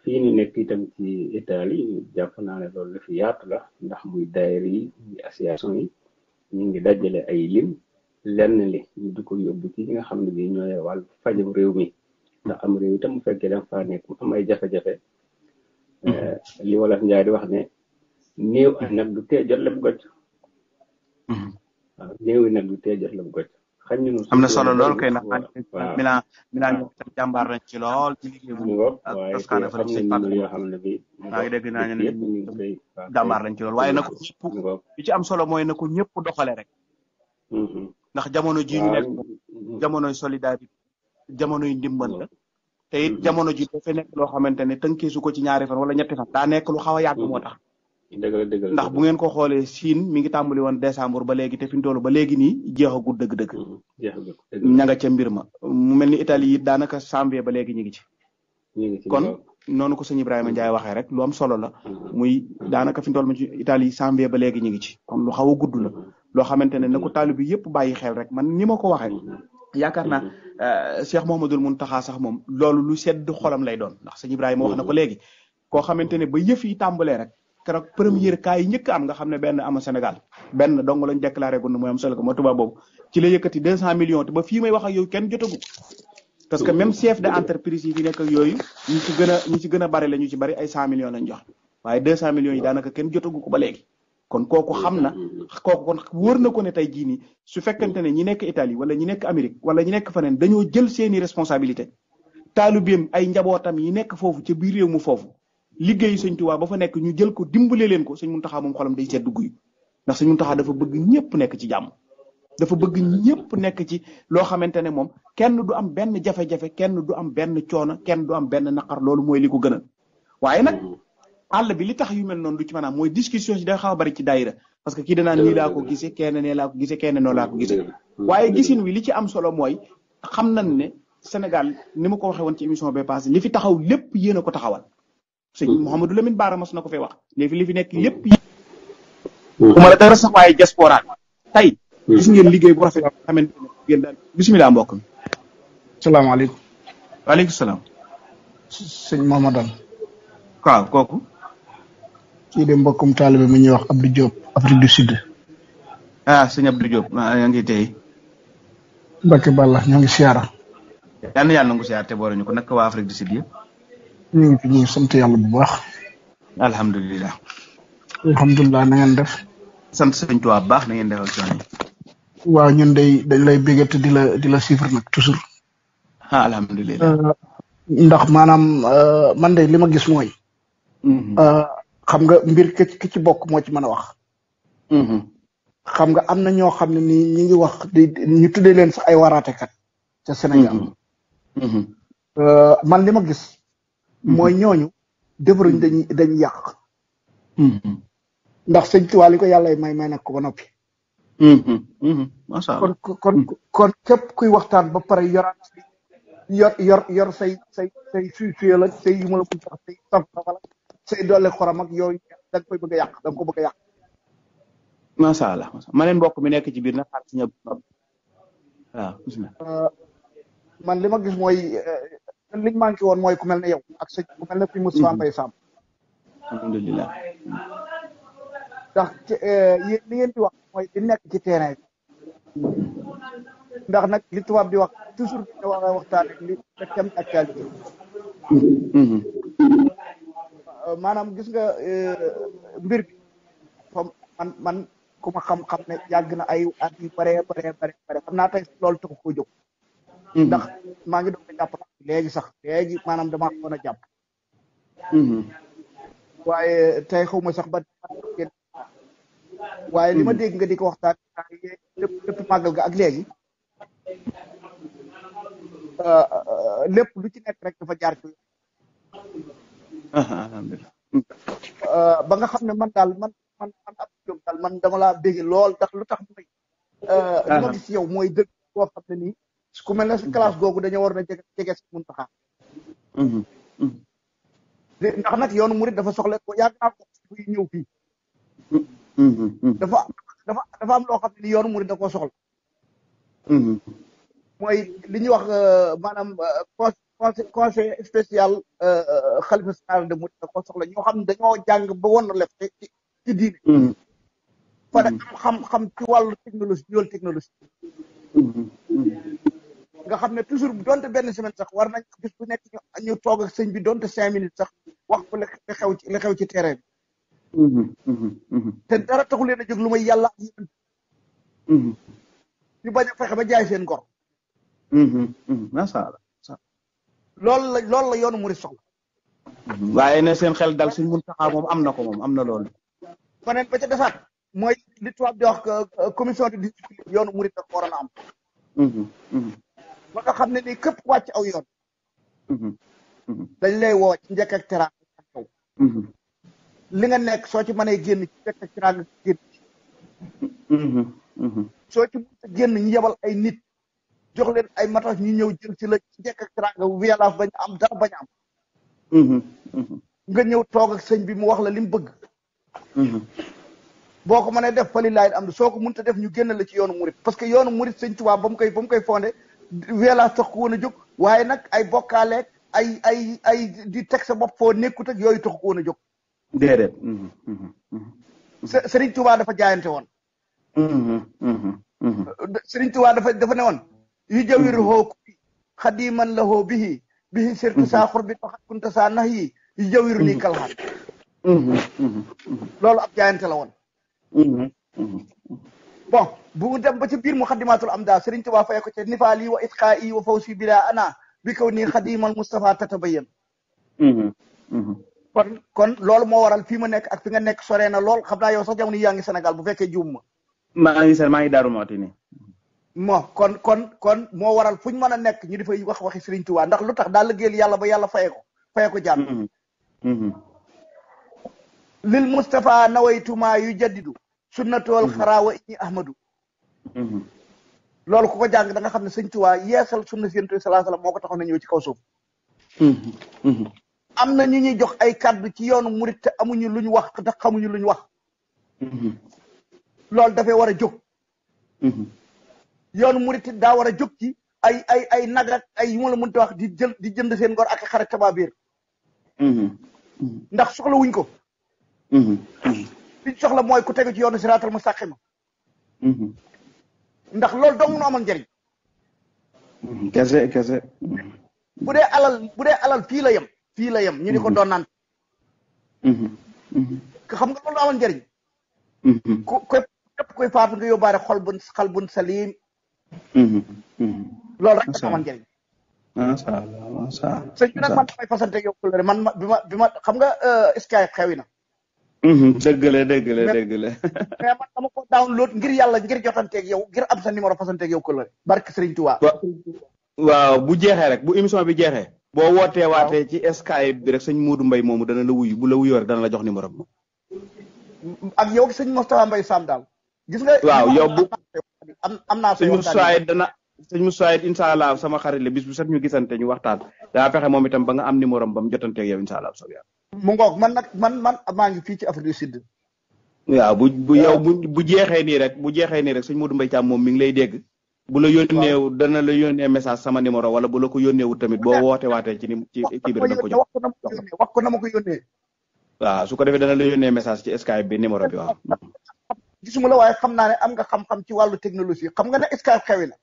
fii ñu nekk itam ci Italie jàpp naa ne lool la fi yaatu la ndax muy daayira yi muy association yi ñu ngi dajale ay lim lenn li ñu di ko nga xam ne bii ñooy wàllu fajam réew mi ndax am réew itam mu fekkee da nga faa nekk mu ay jafe-jafe Euh, mhm. li wolof njaay wax ne néew ak nag du tee jot la bu gocc mhm. waaw néew tee jot la bu gocc xañ ñu am na solo lool kay ndax milan milan ñoom itam jàmbaar nañ ci lool ci liggéey bu toskaana yoo xam ne bi maa ngi dégg naa ne jàmbaar lañ ci lool waaye na ko ñëpp ci am solo mooy na ko ñëpp doxale rek mhm. ndax jamono ji ñu nekk jamonoy solidarité jamonoy ndimbal la te it jamono ji dafa nekk loo xamante ne tënkee su ko ci ñaari fan wala ñetti fan daa nekk lu xaw a yàgg moo tax ndax bu ngeen ko xoolee Chine mi ngi tàmbali woon décembre ba léegi te fi ba léegi ni jeexagul dëgg-dëgg mm-hmm. ña nga ca mbir ma mu mel ni Italie it daanaka janvier ba léegi ñu ngi ci kon noonu ko sëñ ma Ndiaye waxee rek loom solo la mm-hmm. muy daanaka fi mu toll ma ci Italie janvier ba léegi ñu ngi ci kon lu xaw a gudd la mm-hmm. loo xamante ne na ko taalibe bi yëpp bàyyi xel rek man ni ma ko waxee yaakaar mhm. euh, cheikh mohamadul muntaha sax mom lolou lu sedd xolam lay doon ndax seigne ibrahim wax na ko mhm. léegi koo xamante ba yef yi tàmbalee rek keroog premier mhm. cas yi ñëk am nga xam benn ama sénégal benn dong lañu déclarer gu moy am solo ko mo tuba bob ci la yëkëti 200 millions te ba fi may wax ak yow kenn jotagu parce que même chef de entreprise yi fi nekk ak yooyu ñu ci gëna ñu ci gëna bari lañu ci bari ay 100 millions lañ jox waye 200 millions yi daanaka kenn jotagu ko ba léegi kon kooku xam na mm-hmm. kooku kon wóor na ko ne tey jii nii su fekkante ne ñi nekk Italie wala ñi nekk Amérique wala ñi nekk faneen dañoo jël seeni responsabilité taalibeem ay njabootam yi nekk foofu ci biir réew mu foofu liggéeyu sëñ Tuubaa ba fa nekk ñu jël ko dimbale leen ko sëñ Muntaxaa moom xolam day seddu guy ndax sëñ Muntaxaa dafa bëgg ñëpp nekk ci jàmm dafa bëgg ñëpp nekk ci loo xamante ne moom kenn du am benn jafe-jafe kenn du am benn coono kenn du am benn naqar loolu mooy li ko gënal waaye àll bi li tax yu mel noonu du ci maanaam mooy discussion si day xaw bari ci daayira parce que kii danaan nii laa ko gisee kenn nee laa ko gisee kenn noo laa waaye gisin wi li ci am solo mooy xam nañ ne Sénégal ni ma ko waxee woon ci émission bi passé li fi taxaw lépp yéen a ko taxawal sëñ hmm. Mouhamadou Lamine Bara mas na ko fee wax léegi li fi nekk hmm. lépp bu ma la dara sax waaye diaspora tey hmm. gis ngeen liggéey bu rafet xamante ne ngeen daal bisimilah mbokk mi salaamaaleykum waaleykum salaam sëñ Mamadou waaw ci de mbokkum talibé mi ñuy wax Abdou Diop Afrique du Sud. ah sëñ Abdou Diop ma yaa ngi tey. Mbacke Balla ñu ngi siara yalla yalla ngi siara siyaar te boole ñu ko nak wa Afrique du Sud yi ñu ngi fi ñu sant yàlla bu baax. alhamdulilah. alhamdulilah na ngeen def. sante sëñ Tuubaa baax na ngeen defal ci wa ñun day dañ lay bëggat di la di la chiffre nak toujours. ha ah, alhamdulilah. Euh, ndax maanaam euh, man day lima ma gis mooy. Mm-hmm. Euh, xam nga mbir ke ci bokk moo ci mën a wax xam nga am na ñoo xam ne nii ñi ngi wax di ñu tuddee leen sax ay kat ca sénégal man li ma gis mooy ñooñu dëbëruñ dañ dañ yàq ndax sëñ tuwaal ko yàlla may may nag ko ba noppi kon kon kon képp kuy waxtaan ba pare yoraat yor yor yor say say say suy suyal la say yu ma la ko jox say saf wala say doole xorom ak yooyu da koy bëgg a yàq da nga ko bëgg a yàq. macha allah ma mbokk mi nekk ci biir na xaar si ñëpp waaw euh, man li ma gis mooy euh, liñ manqué woon mooy ku mel ne yow ak sa ku mel ne fi Moustapha Mbaye Samb. alhamdulilah. ndax euh, yéen li ngeen di wax mooy ci terrain bi ndax nag li tubaab wax toujours dañu war a waxtaan ak li te thème actualité. Mm-hmm. Eh, manam gis nga eh, mbir bi man man kuma xam-xam ne yàgg na ay at yu bare bare bare bare xam naa tey loolu tax koo jóg mm-hmm. ndax maa ngi doon ko jàpp léegi sax léegi maanaam dama ko a jàpp mm-hmm. waaye tey xaw ma sax ba waaye li ma mm-hmm. dégg nga di ko waxtaan lépp lépp màggal ga ak léegi eh, lépp lu ci nekk rek dafa jaar ci alhamdulilah hmm. ah, ba nga xam ne man daal man man man ab jom daal man dama laa bëgg lool ndax lu tax mooy ah, li ma gis yow mooy dëgg boo xam ne nii ku mel ne si classe googu dañoo war na jege jege si mun taxaa hmm, hmm, ndax nag yoonu murid dafa soxla ko yàgg naa ko buy ñëw fii dafa dafa dafa am loo xam ne yoonu murid da koo soxla mooy li ñuy wax ah, maanaam conseil conseil spécial xalifa euh, général de Mouride da ko soxla ñoo xam ne dañoo jàng ba woon na lef ci ci diine fa mm-hmm. da mm-hmm. am xam-xam ci wàllu technologie ñoolu technologie mm-hmm. nga xam ne toujours bu doonte benn semaine sax war nañ bis bu nekk ñu toog ak sëñ bi donte cinq minutes sax wax ko li xew ci xew ci terrain bi te dara taxu leen a jóg lu may yàlla ak bañ fexe ba jaay seen ngor macha allah loolu la loolu yoonu mu soxla. waaye ne seen xel dal suñ mun taxaw moom am na ko moom am na loolu. faneen ba ca defaat mooy li tubaab di wax euh, commission de discipline yoonu murid da ko am. Mhm, mhm. ba nga xam ne nii képp wàcc aw yoon. Mhm, dañ lay woo ci njëkk ak teraanga li nga nekk soo ci mënee génn ci njëkk ak teraanga génn soo ci génn ñu yebal ay nit. jox leen ay matax ñu ñëw jël ci la jekk ak teraanga bañ am dara bañ am mm-hmm, mm-hmm. nga ñëw toog ak sëñ bi mu wax la li mu bëgg mm-hmm. boo ko mënee def fali laay am na soo ko mënut a def ñu génn la ci yoonu murit parce que yoonu murit sëñ Tuubaa ba mu koy ba mu koy fondé weelaaf ko woon a jóg waaye nag ay bokkaaleeg ay ay ay di teg sa bopp foo nekkut ak yooyu tax ko woon a jóg Sëriñ Tuubaa dafa jaayante woon Sëriñ Tuubaa dafa dafa ne woon yujawir hoku mhm. khadiman laho bihi bihi sirtu mhm. sakhur bi takun tasanahi yujawir ni mhm. kal hat lolou ak jayante la won bon bu mu dem ba ci bir muqaddimatul amda serigne touba fay ko ci nifali wa itqa'i wa fawsi bila ana bi kawni al mustafa tatabayyan kon kon lolou mo waral fi ma nek ak fi nga nek sorena lol xamna yow sax jamu yaangi senegal bu fekke djum ma ngi sen ma ngi daru mawtini mo kon kon kon mo waral fuñ mëna nek nekk ñu di wax waxi serigne touba ndax lutax da daa yalla ba yalla fayé ko fayé ko jamm hmm mm-hmm. lil mustapha nawaytuma yu jaddidu sunnatool xaraawa mm-hmm. iñi ahmadu hmm ku kuko jang da nga xamne serigne touba yeesal sunna serigne touba sallallahu moo wasallam moko taxone ñëw ci kaw suuf mm-hmm. hmm amna ñu ñi jox ay cadeau ci yoonu murit te amuñu luñ wax te xamuñu luñ wax hmm loolu dafay wara a hmm yoonu murit daa war a jóg ci ay ay ay nag ak ay yu ma la wax di jënd seen ngor ak xarit taba biir mm-hmm. ndax soxla wuñ ko mm-hmm. liñ soxla mooy ku tegu ci yoonu siraatal ma mm-hmm. ndax loolu dong nu amal njëriñ kese kese bu dee alal bu dee alal fii la yem fii la yem ñu di ko doon naan xam nga loolu amal njëriñ ku képp koy faatu nga yóbbaale xol bu xal bun salim loolu rek dafa amal njëriñ. macha allah macha allah sëñ bi nag man damay fasante yow kulëre man ma bi ma bi ma xam nga euh, Skype xewi na. Mm-hmm. dëggale dëggale dëggale. mais man dama ko ngir yàlla ngir jotanteeg yow ngir am sa numéro fasanteeg yow kulëre. barke Serigne Touba. waaw bu jeexee rek bu émission bi jeexee. boo wootee waatee ci Skype bi rek sëñ Modou mbay moomu dana la wuyu bu la wuyoo rek dana la jox numéro am. yow sëñ Moustapha Mbaye Sam daal. gis nga. yow bu am am naa sëñ Moussa it dana sëñ Moussa it incha sama xarit le bis bu set ñu gisante ñu waxtaan daa fexe moom itam ba nga am numéro am ba mu jotante ak yow incha allah mm. mu ngoog man nag man man maa ngi fii ci Afrique du waaw bu bu yow bu bu jeexee nii rek bu jeexee nii rek sëñ Modou Mbaye Thiam moom mi ngi lay dégg. bu la yónnee dana la yónnee message sama numéro wala bu la ko yónnee tamit boo woote waate ci ni ci bi ko wax ma ko yónnee. waaw su ko defee dana la yónnee message ci Skype bi numéro bi waaw. gisuma la waaye xam naa ne am nga xam-xam ci wàllu technologie xam nga ne Skype xewi na.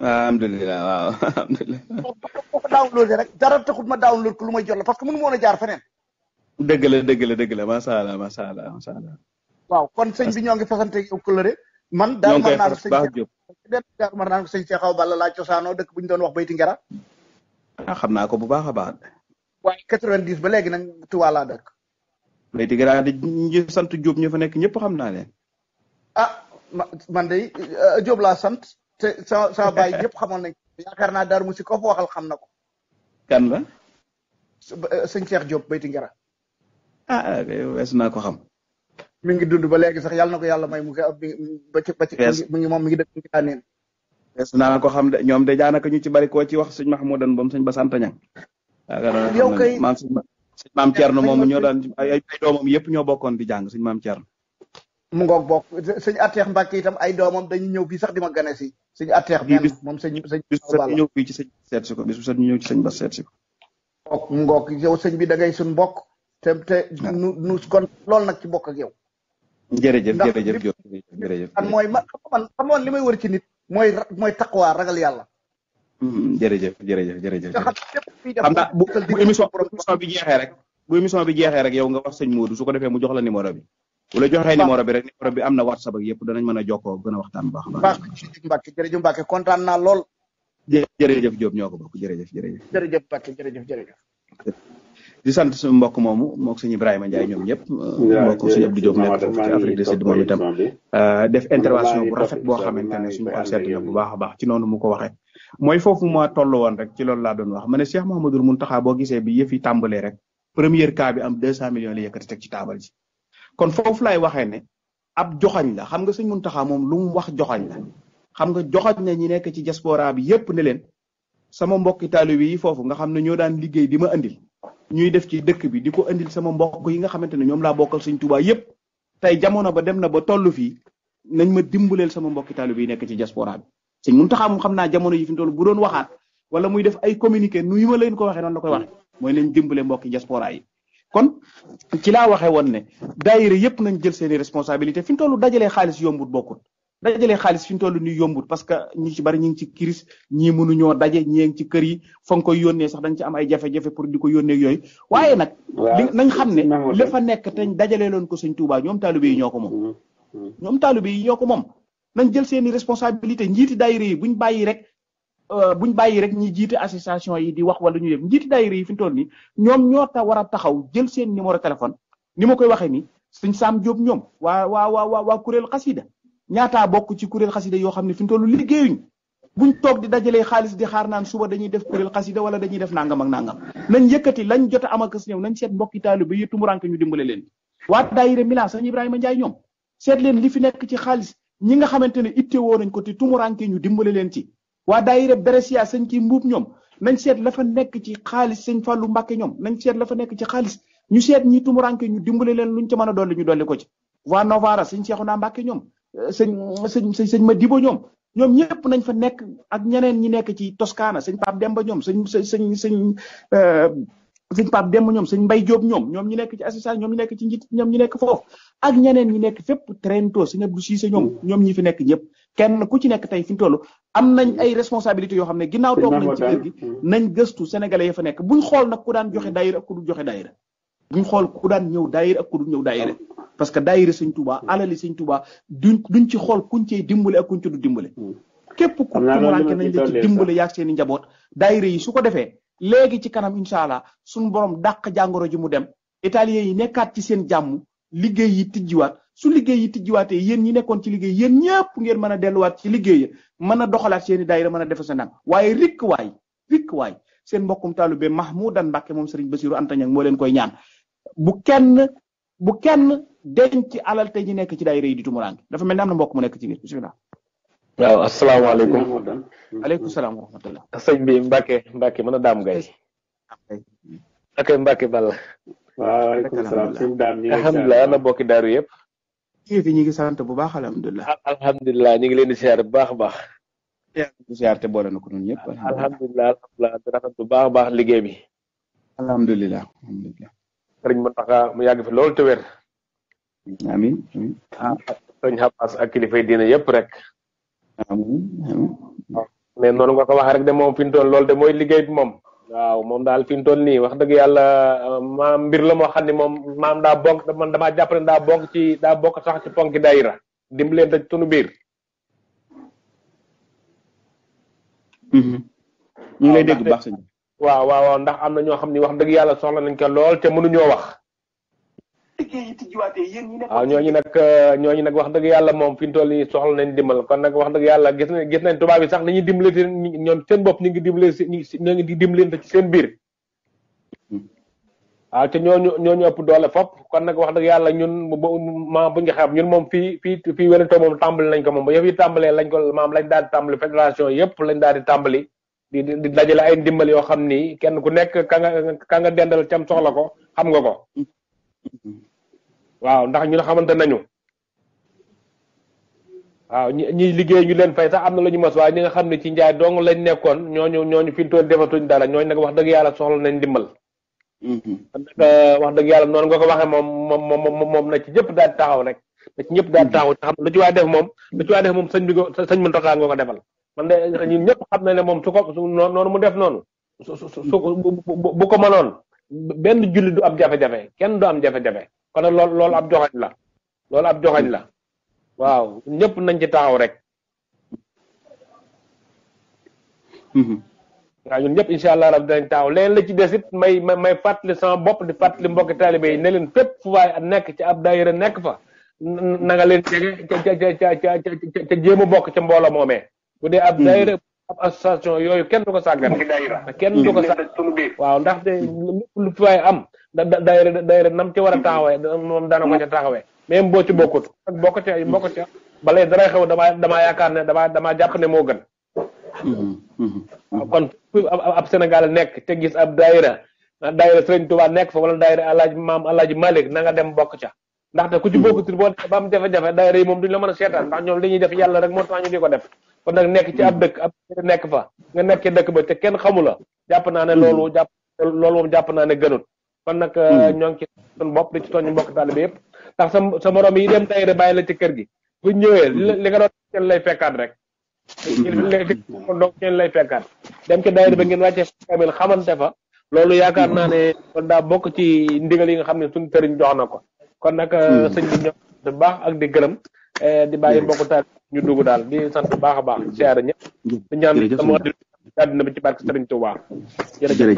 waaw alhamdulilah waaw alhamdulilah. boo ko downloadé rek dara taxut ma download ko lu may jot la parce que mënu ma woon a jaar feneen. dëgg la dëgg la dëgg la macha allah macha waaw kon sëñ bi ñoo ngi fasante yow kóllëre man daal mën naa ko sëñ daal mën naa ko sëñ Seexaw Balla laa cosaanoo dëkk bu ñu doon wax bayti ngera ah xam naa ko bu baax a baax waaye quatre-vingt-dix ba léegi nag tuwaa laa dëkk bayti ngera di sant Jóob ñu fa nekk ñëpp xam naa leen ah man day Diop laa sant te sa sa baay yëpp xamoon nañ yaakaar naa daar mu si ko waxal xam kan la. Eh, Cheikh ngara. ah, ah wees naa ko xam. mi ngi dund ba léegi sax yàlla na ko may mu ngi ba ci ba ci. mi ngi moom mi ngi dëkk mi ko xam de de ñu ci bari ci wax bom sëñ Basanta Ñang. yow kay maam sëñ maam Thierno moomu ñoo daan ay doomam yëpp ñoo di mu ngok bok señ atex mbacke itam ay domam dañu ñew fii sax di gané gane si atex Ateex nen señ sëñ sëñ bis bu set ñëw fii ci sëñ seet si ko bis bu set ñëw ci señ ba set ci ko bokk mu ngoog yow señ bi da ngay sun bok te te ah. nu kon loolu nak ci bok ak yow jere jere jere an jere man man xamoon limay wër ci nit moy moy taqwa ragal jere jere jere jere xam na bu émission bi jeexee rek bu émission bi jeexee rek yow nga wax señ Modou su ko défé mu jox la numéro bi wala la joxee numéro bi rek numéro bi amna whatsapp ak yépp danañ mëna joko gëna waxtaan a waxtaan baax mbacké Mbacke jërëjëf mbacké contane na lool jërëjëf Diop ñoo ko bokk jërëjëf jërëjëf jërëjëf Mbacke jërëjëf jërëjëf di sant suñu mbokk momu mok suñu Ibrahima ndjay ñom ñëpp mbokk suñu Abdou Diop nek ci Afrique du Sud moom itam def intervention bu rafet bo xamantene suñu xol sedd na bu baax baax ci nonu mu ko waxee moy fofu ma tollu won rek ci lool la doon wax mané Cheikh mohamadou Mountakha bo gisé bi yëf tambalé rek premier cas bi am 200 millions la yëkëti tek ci table ji kon foofu lay waxee ne ab joxañ la xam nga mun Muntaxa moom lu mu wax joxañ la xam nga joxañ na ñi nekk ci diaspora bi yépp ne leen sama mbokki taalibe yi foofu nga xam ne ñoo daan liggéey ma andil ñuy def ci dëkk bi di ko andil sama mbokk yi nga xamante ne ñoom laa bokkal sëñ Tuubaa tey jamono ba dem na ba toll fii nañ ma dimbaleel sama mbokki taalibe yi nekk ci diaspora bi sëñ taxa moom xam naa jamono yi fi mu toll bu doon wala muy def ay communiqué nuyu ma leen ko waxee noonu la koy waxee mooy nañ dimbale mbokki yi kon ci laa waxee woon ne daayira yëpp nañ jël seeni responsabilité fi ñu toll dajalee xaalis yombut bokkut dajalee xaalis fi ñu toll nii yombut parce que ñi ci bari ñu ngi ci crise ñii mënuñoo daje ñii ngi ci kër yi fa nga koy yónnee sax dañ ci am ay jafe-jafe pour di ko yónnee yooy waaye nag nañ xam ne li fa nekk te dajalee loon ko sëñ Tuubaa ñoom taalibe yi ñoo ko moom mm-hmm. Mm-hmm. ñoom taalibe yi ñoo ko moom nañ jël seeni responsabilité njiiti daayira yi buñ bàyyi rek Euh, buñ bàyyi rek ñi jiite association yi di wax wala ñu yëg njiiti daayira yi fi mu toll nii ñoom ñoo ta war a taxaw jël seen numéro téléphone ni ma koy waxee ni suñ Sam joob ñoom waa waa waa waa kuréel xasida ñaataa bokk ci kuréel xasida yoo xam ne fi mu toll liggéeyuñ buñ toog di dajalee xaalis di xaar naan suba dañuy def kuréel xasida wala dañuy def nangam ak nangam nañ yëkkati lañ jot a am ak ñëw nañ seet mbokki taalibe yi tumuranke ñu dimbale leen waa daayira Milan sañ Ibrahima Ndiaye ñoom seet leen li fi nekk ci xaalis ñi nga xamante ne ittewoo nañ ko tumuranke ñu dimbale leen ci wa daire beresia sëñ ci mbub ñom nañ sét la fa nek ci xaaliss sëñ fallu mbacke ñom nañ sét la fa nek ci xaaliss ñu sét ñi ranké ñu dimbale leen luñ ci mëna doli ñu doli ko ci wa novara sëñ seexu naa mbàkke ñoom euh, sëñ sëñ ma dibo ñom ñoom ñëpp nañ fa nek ak ñeneen ñi nek ci toscana sëñ pap demba ñoom sëñ sëñ euh sëñ pap demba ñom sëñ mbay job ñom ñom ñi nek ci assistant ñom ñi nek ci njit ñom ñi nek fofu ak ñeneen ñi nek trento sëñ abdou cissé ñom ñom ñi fi nek ñepp kenn ku ci nekk tey fi mu toll am nañ ay responsabilités yoo xam ne ginnaaw toog nañ ci kër gi hmm. nañ gëstu sénégalais ya fa nekk buñ xool nag ku daan joxe daayira ak ku dul joxe daayira buñ xool ku daan ñëw daayira ak ñëw daayira parce que daayira sëñ Tuubaa hmm. alali sëñ Tuubaa duñ duñ ci xool kuñ cey dimbale ak kuñ ci du hmm. képp ku tumuranke nañ la ci dimbale yaag seen njaboot daayira yi su defee léegi ci kanam incha allah suñu borom dàq jàngoro ji mu dem italien yi nekkaat ci seen jàmm liggéey yi tijjiwaat su liggéey yi tijjiwaatee yéen ñi nekkoon ci liggéey yéen ñëpp ngeen mën a delluwaat ci liggéey ya mën a doxalaat seeni daayira mën a defa sa nang waaye rikk waay rikk waay seen mbokkum talibé mahmoudan mbàkke moom sëriñ basiru antañang moo leen koy ñaan bu kenn bu kenn ci alal tey ñi nekk ci daayira yi di tumuraange dafa mel ni am na mbokk mu nekk ci biir bismillah waaw asalaamaaleykum aleykum salaam wa rahmatullah sëñ bi mbàkke mbàkke mën a daam gay ak mbàkke bal waaw aleykum salaam sëñ daam ñi alhamdulilah ana bokki daaru yépp kii fi ñu ngi sant bu baax alhamdulilah alhamdulilah ñu ngi leen di siyaar baax baax di siyaar te boole na ñun ñëpp alhamdulilah amin amin sëriñ ah, Abbas ak kilifa ya, rek amin amin ne noonu nga ko wax rek de waaw moom daal fi mu toll nii wax dëgg yàlla maam mbir la moo xam ne moom maam daa bonk man damaa jàpp ne daa bonk ci daa bokk sax ci ponki daayira dimbaleen ci sunu biir mhm. ñu ngi lay dégg bax sëñ waaw waaw waaw ndax am na ñoo xam ne wax dëgg yàlla soxla nañ ko lool te mënuñoo wax tëggee yi tijjiwaatee yéen ñi euh, ñooñu nag wax dëgg yàlla moom fi ñu toll soxla nañ dimbal kon nag wax dëgg yàlla gis nañ gis nañ tubaab yi sax nañuy dimbale seen ñoom seen bopp ñu ngi dimbale ñu ngi dimbalante ci seen biir. Hmm. waaw te ñooñu ñooñu ëpp doole fop kon nag wax dëgg yàlla ñun ma bu ñu xam ñun moom fii fii fii Wellington moom tàmbali nañ ko moom ba yëf yi tàmbalee lañ ko maam lañ daal di tàmbali fédération yëpp lañ daal di tàmbali. di di dajale ay ndimbal yoo xam ni kenn ku nekk ka nga ka nga dendal cam soxla ko xam nga ko hmm. Hmm. waaw ndax ñu xamante nañu waaw ñi liggéey ñu leen fay sax am na lu ñu mos waaye ñi nga xam ne ci njaay dong lañ nekkoon ñooñu ñooñu fi ñu toll defatuñ dara ñooñu nag wax dëgg yàlla soxla nañ dimbal. Mm-hmm. Euh, wax dëgg yàlla noonu nga ko waxee moom moom moom moom na ci ñëpp daal taxaw rek. ñëpp daal taxaw xam lu ci waay moom lu ci waay moom sëñ bi ko sëñ Mountakha ko defal man de ñëpp xam na ne moom su ko noonu mu def noonu. su su bu ko mënoon benn julli du am jafe-jafe kenn du am jafe-jafe. xanaa lool loolu ab joxañ la loolu ab la waaw ñépp nañ ci taxaw rek mm-hmm. waaw ñun ñëpp incha allah rab taxaw leen la ci des it may may fàttali sama bopp di fàttali mbokki taalibe yi ne leen fépp fu waay nekk ci ab daayira nekk fa na leen jege ca ca ca ca ca jéem a bokk ca bu dee ab mm-hmm. daayira association yooyu kenn du ko mm-hmm. waaw ndaxte lépp lu am da daayira daayira nam ci war a taxawee moom daana ko ca taxawee même boo ci bokkut bokk ci bokk ci balay dara xew damaa damaa yaakaar ne damaa damaa jàpp ne moo gën waaw mm-hmm. kon ab Sénégal nekk te gis ab daayira daayira Sëriñ Tuubaa nekk fa wala daayira alaaji maam alaaji Malick na nga dem bokk ca ndaxte ku ci bokkut boo ba am jafe-jafe daayira yi moom duñu la mën a seetaan ndax ñoom li ñuy def yàlla rek moo tax ñu di ko def kon nag nekk ci ab dëkk nekk fa nga nekk dëkk ba te kenn xamu la jàpp naa ne loolu jàpp loolu moom jàpp naa ne gënut kon ke nyongki ngi ci suñu bopp di ci tooñ mbokk taalibe yëpp ndax sa sa morom yi dem tey de bàyyi la ci kër gi bu ñëwee hmm. li nga doon lay fekkaat rek hmm. donc lay fekkaat dem ci daayira ba ngeen wàccee kamil xamante fa loolu yaakaar naa ne kon daa bokk ci ndigal yi nga xam ne suñu tëriñ jox na ko kon nag hmm. euh, sëñ bi ñoo di baax ak di gërëm eh, di bàyyi mbokk taal ñu dugg daal di sant bu baax a baax siyaare ñëpp di ñaan sama àddina bi ci barke sëriñ Tuubaa jërëjëf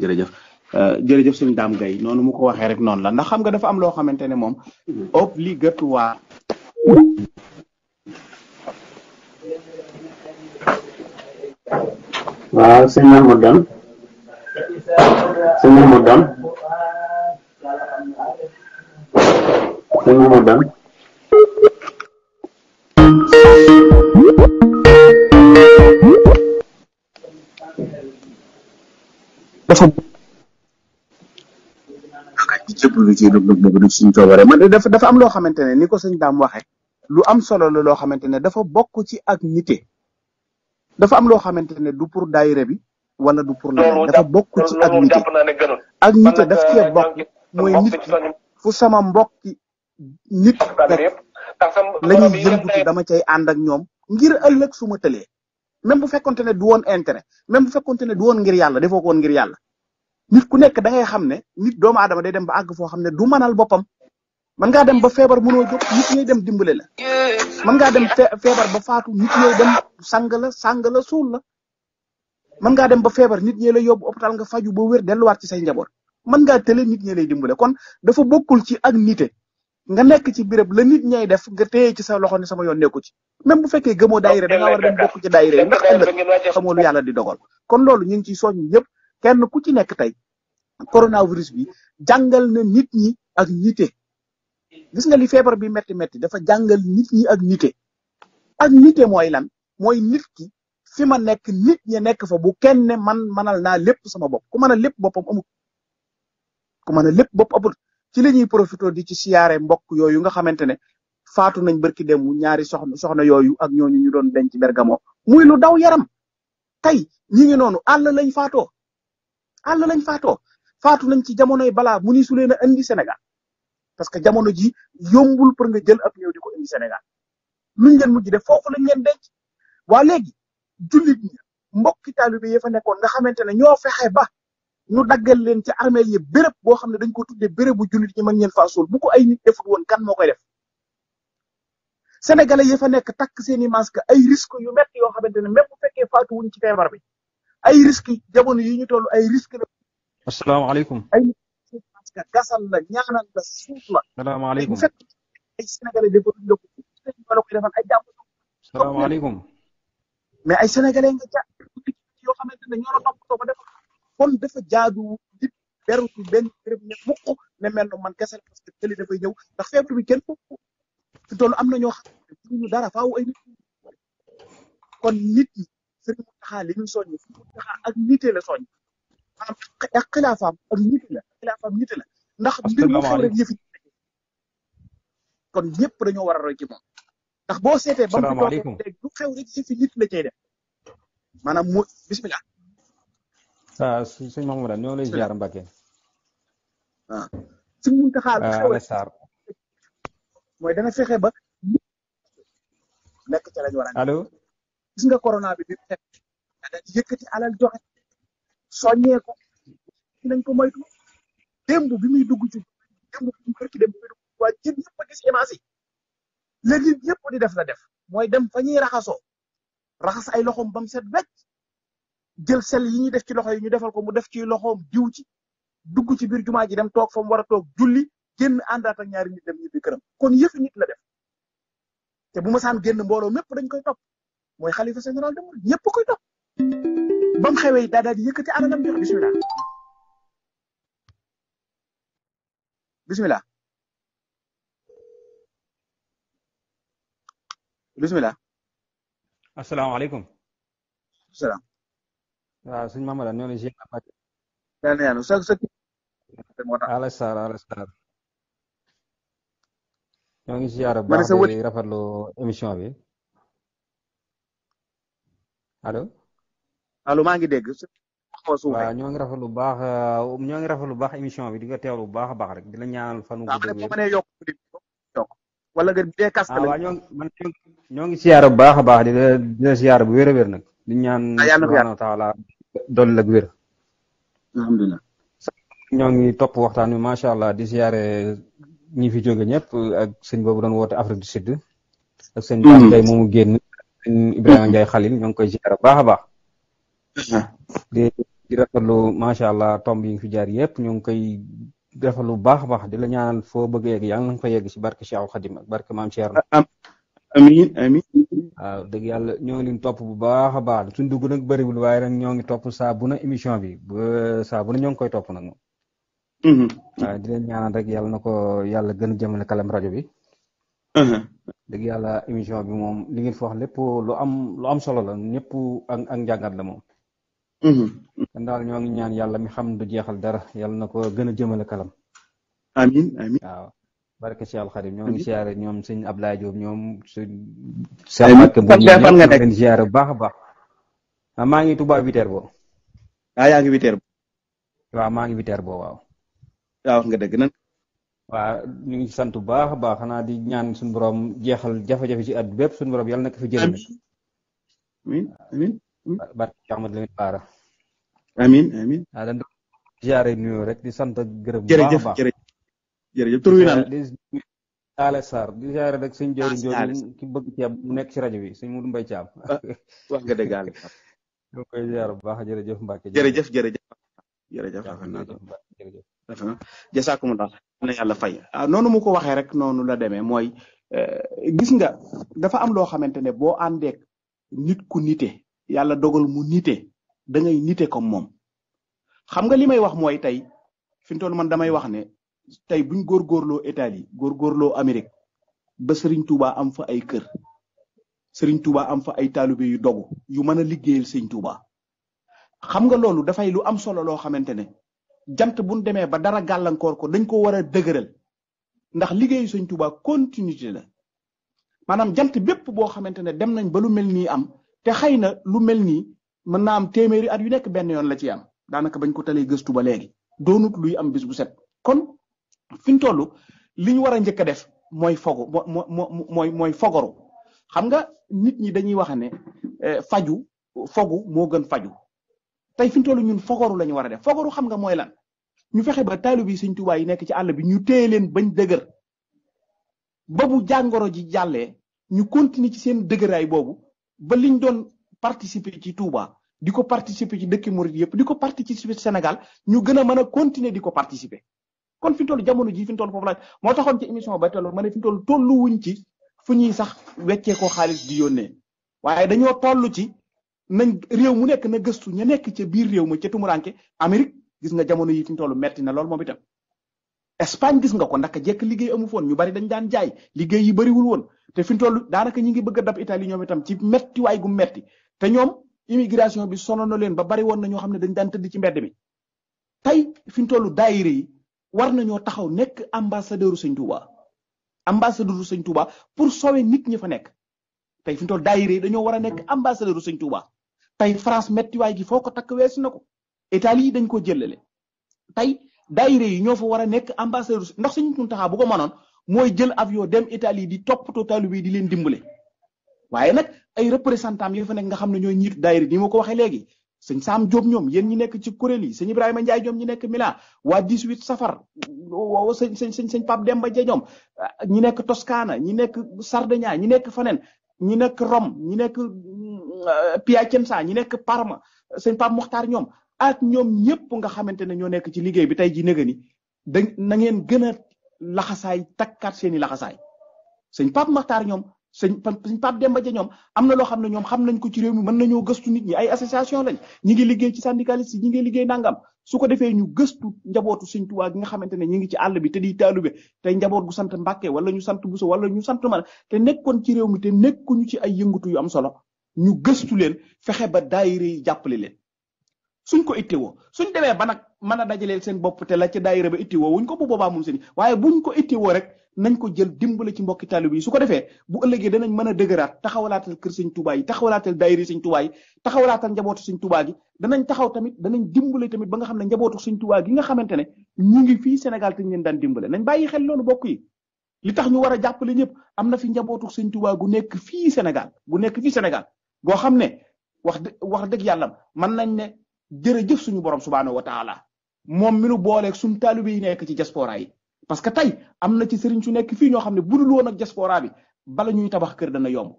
jërëjëf Euh, jërëjëf suñu dam gay noonu mu ko waxee rek non la ndax xam nga dafa am lo xamantene mom obligatoire wa sëñ modan Deme modan Mahmoud modan sëñ Mahmoud dafa lépp lu ci rëbb bëgg du suñ coobare man am loo xamante ne ni ko sëñ daam waxe lu am solo la loo xamante ne dafa bokk ci ak nite dafa am loo xamante ne du pour daayira bi wala du pour la dafa bokk ci ak nite ak nite daf cee euh, bokk mooy nit fu sama mbokki nit rek la ñuy yëngutu dama cay ànd ak ñoom ngir ëllëg su ma tëlee même bu fekkonte ne du woon intérêt même bu fekkonte ne du woon ngir yàlla defoo ko woon ngir yàlla nit ku nekk da ngay xam ne nit doomu aadama day dem ba àgg foo xam ne du manal boppam mën ngaa dem ba feebar mënoo jóg nit ñooy dem dimbale la mën ngaa dem feebar ba faatu nit ñooy dem sang la sang la suul la mën ngaa dem ba feebar nit ñi a yóbbu hôpital nga faju ba wér delluwaat ci say njaboot mën ngaa tële nit ñi lay dimbale kon dafa bokkul ci ak nite nga nekk ci béréb la nit ñay def nga téye ci sa loxo ne sama yoon nekku ci même bu fekkee gëmoo daayira da nga war a dem ci daayira yi ndax ëllëg xamoo lu yàlla di dogal kon loolu ñu ngi ciy soññ ñëpp kenn ku ci nekk tey coronavirus bi jàngal na nit ñi ak nite gis nga li feebar bi metti metti dafa jàngal nit ñi ak nite ak nite mooy lan mooy nit ma nekk nit ñi nekk fa bu kenn man manal naa lépp sama bopp ku a lépp boppam amul ku mën a lépp bopp amul ci li ñuy profité di ci siyaare mbokk yooyu nga xamante ne faatu nañ barki dem ñaari soxna soxna yooyu ak ñooñu ñu doon denc Bergamo muy daw yaram tey ñi ngi noonu àll àll lañ faatoo faatu nañ ci jamonoy balaa mu ni su leen a indi Sénégal parce que jamono ji yombul pour nga jël ab néew di ko indi Sénégal luñ leen mujj def foofu lañ leen denc waa léegi jullit ñi mbokki taalibe yi fa nekkoon nga xamante ne ñoo fexe ba ñu daggal leen ci armeel yi béréb boo xam ne dañ ko tuddee bérébu jullit ñi mag ñeen faa suul bu ko ay nit defut woon kan moo koy def sénégalais yi fa nekk takk seeni masque ay risque yu metti yoo xamante ne même bu faatu wuñ ci feebar bi ay risques jamono yi ñu toll ay risques la. asalaamaaleykum. ay parce que gasal la ñaanal la suuf la. asalaamaaleykum. ay sénégalais de ko dund ay jàpp. mais ay sénégalais nga ja yoo xamante ne ñoo la toppatoo ba dafa jaadu nit beru ci man kese parce que tëli dafay ñëw ndax feebar bi kenn foofu am na ñoo ñu dara faaw ay kon nit sëriñ Mountakha li muy soññ sëriñ Mountakha ak nite la soññ maanaam ak xilaafaam ak nite la la ndax mbir mu xew rek yëfi kon ñëpp dañoo war a roy boo seetee lu xew la cay def maanaam mu bismillah waaw ah, sëñ Mahmoudane ñoo lay ziar Mbacke waaw ah. sëñ Mountakha lu ah, xew mooy dana fexe ba nekk ca lañ war a allo gis nga corona bi bi mu nekk da alal joxe soññee ko nañ ko moytu démb bi muy dugg ci démb bi mu kër gi waa jën ñëpp gis image yi la nit ñëpp di def la def mooy dem fa ñuy raxasoo raxas ay loxoom ba mu set wecc jël sel yi ñuy def ci loxo yi ñu defal ko mu def ci loxoom diw ci dugg ci biir jumaa ji dem toog fa mu war a toog julli génn àndaat ak ñaari nit dem ñibbi këram kon yëfi nit la def te bu ma saan génn mbooloo mépp dañ koy topp mooy xalifa général de Mouride ñëpp koy topp ba mu xewee daa daal di yëkkati alalam jox bisimilah bisimilah bisimilah. asalaamaaleykum. salaam. waaw sëñ Mamada ñoo ngi ziar. daal na yàlla sa sa. ala saar ala saar. ñoo bu baax di émission bi. allo allo ma ngi dégg wa ñoo ngi rafa lu baax ñoo ngi rafa lu baax émission bi di nga teewlu bu baax baax rek di la ñaanal fa nu gudd yokk wala nga dé kas la waaw ñoo man ñoo ngi ziaru baax baax di la di la bu wër wër nak di ñaan subhanahu wa taala dol ak wër alhamdulilah ñoo ngi top waxtaan bi sha allah di ziaré ñi fi joggé ñëpp ak sëñ bobu doon woote Afrique du Sud ak sëñ Bass Gueye moomu génn Ibrahima Ndiaye Khalil ñong koy ziar baax a baax. Nah. di di rafetlu macha allah tomb yi nga fi jaar yépp ya. ñong koy defal lu baax baax di la ñaanal fo bëgg yegg yalla ya, nga fa yegg ci barke Cheikh Khadim ak barke mam Cheikh. amin amin ah dëgg yalla ñoo ngi leen topp bu baax a baax suñ dugg nag bëriwul waaye nag ñoo ngi top sa bu na émission bi bu sa bu na ñoo ngi koy topp nag moom. waaw di leen ñaanal rek yalla nako yalla yàlla gën jëmale kalam radio bi. Uh-huh. deug yalla émission bi mom li ngeen fi wax lepp lu am lu am solo la ñepp ak ak njàngat la mom hmm uh-huh. ndal ñoo ngi ñaan yalla mi xam du jeexal dara yalla nako gëna jëmele kalam. amin amin waaw. baraka ci al kharim ñoo ngi ziaré ñom sëñ abdoulaye Diop ñom suñ. amiin bu ñu fan nga bu baax baax. Ah, ma ngi Touba Viter bo. ah ya ngi Viter bo. waaw ma ngi Viter bo waaw. waaw nga dëgg nan wa ñu ngi sant bu baax baax xanaa di ñaan suñu borom jeexal jafe-jafe ci at bépp suñu borom yàlla nekk fi jëlee. amin amin barke ci Ahmad Lamine Bara. amin amin ah dañ do ziare nuyo rek di sant ak gërëm. bu baax a baax jërëjëf jërëjëf tur wi naan di Alé di ziare rek suñu jëriñ jooju ki bëgg ci mu nekk ci rajo bi suñu Moudou Mbaye ciam ah, wax nga dëgg Alé. ñu koy ziare bu baax jërëjëf Mbacke. jërëjëf jërëjëf jërëjëf. defe na jasaakumullah na fay ah noonu mu ko waxee rek noonu la demee mooy eh, gis nga dafa am loo xamante ne boo àndeek nit ku nite yàlla dogal mu nite da ngay nite comme moom xam nga li may wax mooy tey fi toll man damay wax ne tey buñ góorgóorloo Italie góorgóorloo Amérique ba Serigne Touba am fa ay kër Serigne Touba am fa ay taalibe yu dog yu mën a liggéeyal Serigne xam nga loolu dafay lu am solo loo xamante ne jant buñ démé ba dara galankor ko dañ ko wara dëgeural ndax liggéey sëñ tuba continuité la manam jant bépp boo xamantene dem nañ ba lu mel nii am te xëy na lu mel nii mën naa am téeméeri at yu nekk benn yoon la ci am daanaka bañ ko talee gëstu ba léegi doonut luy am bis bu set kon fiñ tollu toll li ñu war a njëkk a def mooy fogo mooy mooy fogoru xam nga nit ñi dañuy wax ne eh, faju fogu moo gën faju tey fiñ tollu ñun fogoru la ñu war def fogoru xam nga mooy lan ñu fexe ba taalibe yi Sëñ Tuubaa yi nekk ci àll bi ñu téye leen bañ dëgër ba bu jàngoro ji jàllee ñu continuer ci seen dëgëraay boobu ba liñ doon participer ci Touba di ko participer ci dëkk murit yëpp di ko participer ci Sénégal ñu gën a mën a continuer di ko kon fi mu toll jamono jii fi mu toll foofu moo taxoon ci émission ba tollu ma ne fi toll tolluwuñ ci fu ñuy sax weccee xaalis di yónnee waaye dañoo toll ci nañ réew mu nekk na gëstu ña nekk ci biir réew ma ca Tumuranke Amérique gis nga jamono yi fi ñu toll metti na lool moom itam Espagne gis nga ko ndaka jekk liggéey amu foon ñu bari dañ daan jaay liggéey yi bariwul woon te fi ñu toll daanaka ñi ngi bëgg a dab Italie ñoom itam ci mettiwaay gu metti te ñoom immigration bi sono na leen ba bari woon na ñoo xam ne dañ daan tëdd ci mbedd mi tey fi ñu toll daayire yi war nañoo taxaw nekk ambassadeuru Sëñ Tuuba ambassadeuru Sëñ Tuuba pour sowe nit ñi fa nekk tey fi ñu toll daayire yi dañoo war a nekk ambassadeuru Sëñ Tuuba tey France gi foo takk weesu na ko état yi dañ ko jëlale tay daayire yi ñoo fa war a nekk ambassadeur ndax suñu tuntaxaa bu ko mënoon mooy jël avion dem Etali di toppatoo taalibe di leen dimbale waaye nag ay représentant yi fa nek nga xam ne ñooy ñiitu daayire ni ma ko waxee léegi sëñ Sam job ñoom yen ñi nekk ci kuréel yi sëñ Ibrahima Ndiaye ñoom ñi nekk Mila waa 18 safar woo sëñ sëñ sëñ sëñ Pape Demba Dia ñoom ñi nekk Toscana ñi nekk sardegna ñi nekk faneen ñi nekk Rome ñi nekk mm, Piacenza ñi nekk Parma sëñ pap Mokhtar ñoom ak ñoom ñëpp nga xamante ne ñoo nekk ci liggéey bi tey ji nëga ni da na gën a laxasaay takkaat seeni laxasaay sëñ Pape Makhtar ñoom sëñ sëñ Pape Demba Ja ñoom am na loo xam ne ñoom xam nañ ko ci réew mi mën nañoo gëstu nit ñi ay association lañ ngi liggéey ci syndicaliste yi ñi ngi liggéey nangam su ko defee ñu gëstu njabootu sëñ Tuubaa gi nga xamante ne ñi ngi ci àll bi te di taalube tey njaboot gu sant Mbàkke wala ñu sant Buso wala ñu sant man te nekkoon ci réew mi te nekkuñu ci ay yëngatu yu am solo ñu gëstu leen fexe ba daayira yi jàppale leen suñ ko ittiwoo suñ demee ba nag mën a dajaleel seen bopp te la ca daayira ba ittiwoo wuñ ko bu boobaa moom seen waaye buñ ko ittiwoo rek nañ ko jël dimbale ci mbokki taalib yi su ko defee bu ëllëgee danañ mën a dëgëraat taxawalaatal kër sëñ Tuubaa yi taxawalaatal daayira sëñ Tuubaa yi taxawalaatal njabootu sëñ Tuubaa gi danañ taxaw tamit danañ dimbale tamit ba nga xam ne njabootu sëñ Tuubaa gi nga xamante ne ñu ngi fii Sénégal te ñu leen dimbale nañ bàyyi xel loolu bokk yi li tax ñu war a jàppale ñëpp am na fi njabootu sëñ gu nekk fii Sénégal gu nekk fii Sénégal goo xam ne wax wax dëgg yàlla mën nañ ne jërëjëf suñu borom subhaanahu wa taala moom mi nu booleeg suñu taalibe yi nekk ci jaspora yi parce que tey am na ci sëriñ su nekk fii ñoo xam ne budul woon ak diaspora bi bala ñuy tabax kër dana yomb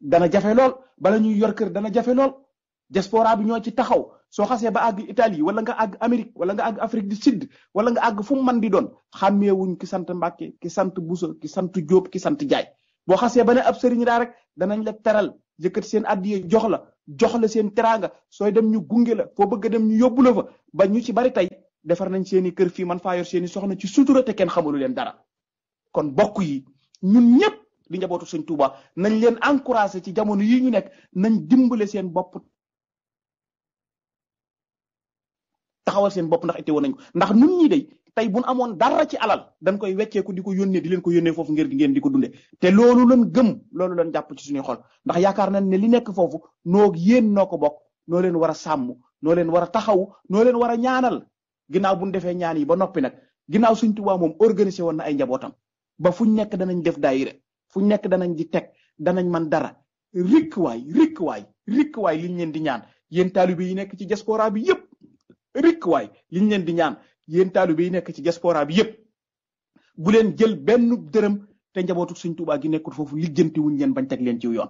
dana jafe lool bala ñuy yor kër dana jafe lool diaspora bi ñoo ci taxaw soo xasee ba àgg Italie wala nga àgg Amérique wala nga àgg Afrique du Sud wala nga àgg fu mu mën di doon xàmmeewuñ ki sant Mbàkke ki sant Busa ki sant Jóob ki sant Jaay boo xasee ba ne ab sëriñ daa rek danañ la teral yëkkat seen addiye jox la jox la seen teraanga sooy dem ñu gunge la foo bëgg a dem ñu yóbbu la fa ba ñu ci bari tey defar nañ seeni kër fii man faa yor seeni soxna ci sutura te kenn xamalu leen dara kon bokk yi ñun ñëpp di njabootu sëñ Tuuba nañ leen encouragé ci jamono yi ñu nekk nañ dimbale seen bopp taxawal seen bopp ndax itte woon nañ ko ndax nun ñi day tay buñ amone dara ci alal dañ koy wéccé di ko yonné di len ko yonné fofu ngir ngeen di ko dunde te loolu lan gëm loolu lañ japp ci suñu xol ndax yaakar nañ ne li nekk fofu nok yeen noko bok no len wara sam no len wara taxaw no len wara ñaanal ginaaw buñ défé ñaan yi ba nopi nak ginaaw suñu tuba mom organiser won na ay njabotam ba fuñ nekk danañ def daayira fuñ nekk danañ di teg danañ man dara rik way rik way rik way liñ leen di ñaan yeen taalibe yi nekk ci diaspora bi yépp rik way liñ leen di ñaan yeen taalibe yi nek ci diaspora bi yépp bu len jël benn dërëm te njabootu sëñ Touba gi nekkul fofu lijeenti wuñ ñen bañ tek len ci yoon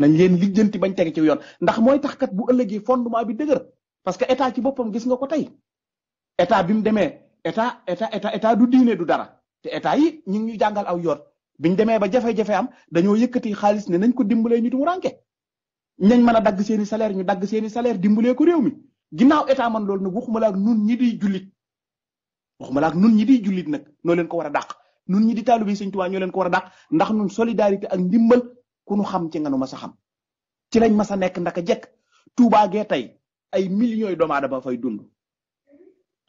nañ len lijeenti bañ tek ci yoon ndax moy tax kat bu ëllëgé fondement bi dëgër parce que état ci bopam gis nga ko tay état bi mu démé état état état état du diiné du dara té état yi ñi ñu jangal aw yoon biñ démé ba jafé jafé am dañoo yëkëti xaaliss né nañ ko dimbalee nitu mu ranké ñañ mëna dagg seeni salaire ñu dagg seeni salaire dimbulé ko réew mi ginnaw état man lool waxuma la nun ñi di julit waxuma la ak nun ñi di julit nak no leen ko wara dakk nun ñi di talubi seigne touba ño leen ko wara dakk ndax nun solidarité ak ndimbal ku nu xam ci nga nu ma sa xam ci lañ ma sa nek ndaka jek touba ge tay ay millions yu da ba fay dund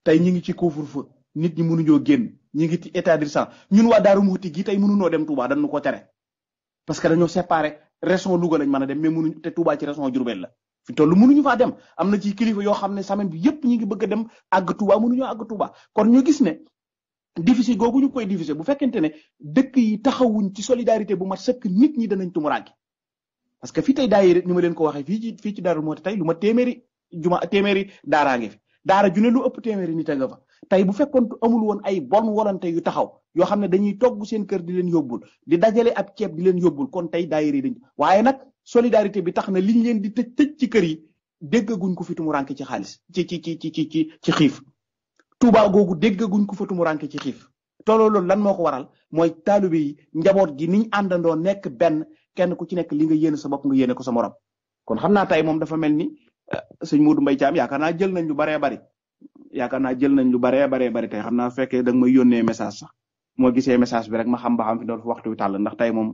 tay ñi ngi ci couvre feu nit ñi mënu ñoo genn ñi ngi ci état d'urgence ñun wa daru muuti gi tay mënu no dem touba dañ ko téré parce que dañoo séparé région louga lañ mëna dem mais mënu té touba ci raison jurbel la fi tollu mënuñu faa dem am na ci kilifa yoo xam ne semaine bi yépp ñu ngi bëgg a dem àgg Touba mënuñoo àgg kon ñu gis ne difficile googu ñu koy difficile bu fekkente ne dëkk yi taxawuñ ci solidarité bu mat sëkk nit ñi danañ tumuraange parce que fii tey daayira ni ma leen ko waxee fii ci fii ci Darou tey lu ma téeméeri juma téeméeri daaraa fi daara ju ne lu ëpp téeméeri nit a nga tey bu fekkoon amul woon ay bonne yu taxaw yoo xam ne dañuy togg seen kër di leen yóbbul di dajale ab ceeb di leen yóbbul kon tey daayira dañ waaye nag solidarité bi tax na liñ leen di tëj tëj ci kër yi déggaguñ ko fi tumurànke ci xaalis ci ci ci ci ci ci xiif Tuuba googu déggaguñ ko fa tumurànke ci xiif tooloo loolu lan moo ko waral mooy taalibe yi njaboot gi niñ àndandoo nekk benn kenn ku ci nekk li nga yéene sa bopp nga yéene ko sa morom kon xam naa tey moom dafa mel ni eh, sëñ Modou Mbaye Thiam yaakaar naa jël nañ lu baree bari yaakaar naa jël nañ lu baree baree bari tey xam naa fekkee da nga may yónnee message sax moo gisee message bi rek ma xam ba xam fi doon waxtu wi tàll ndax tey moom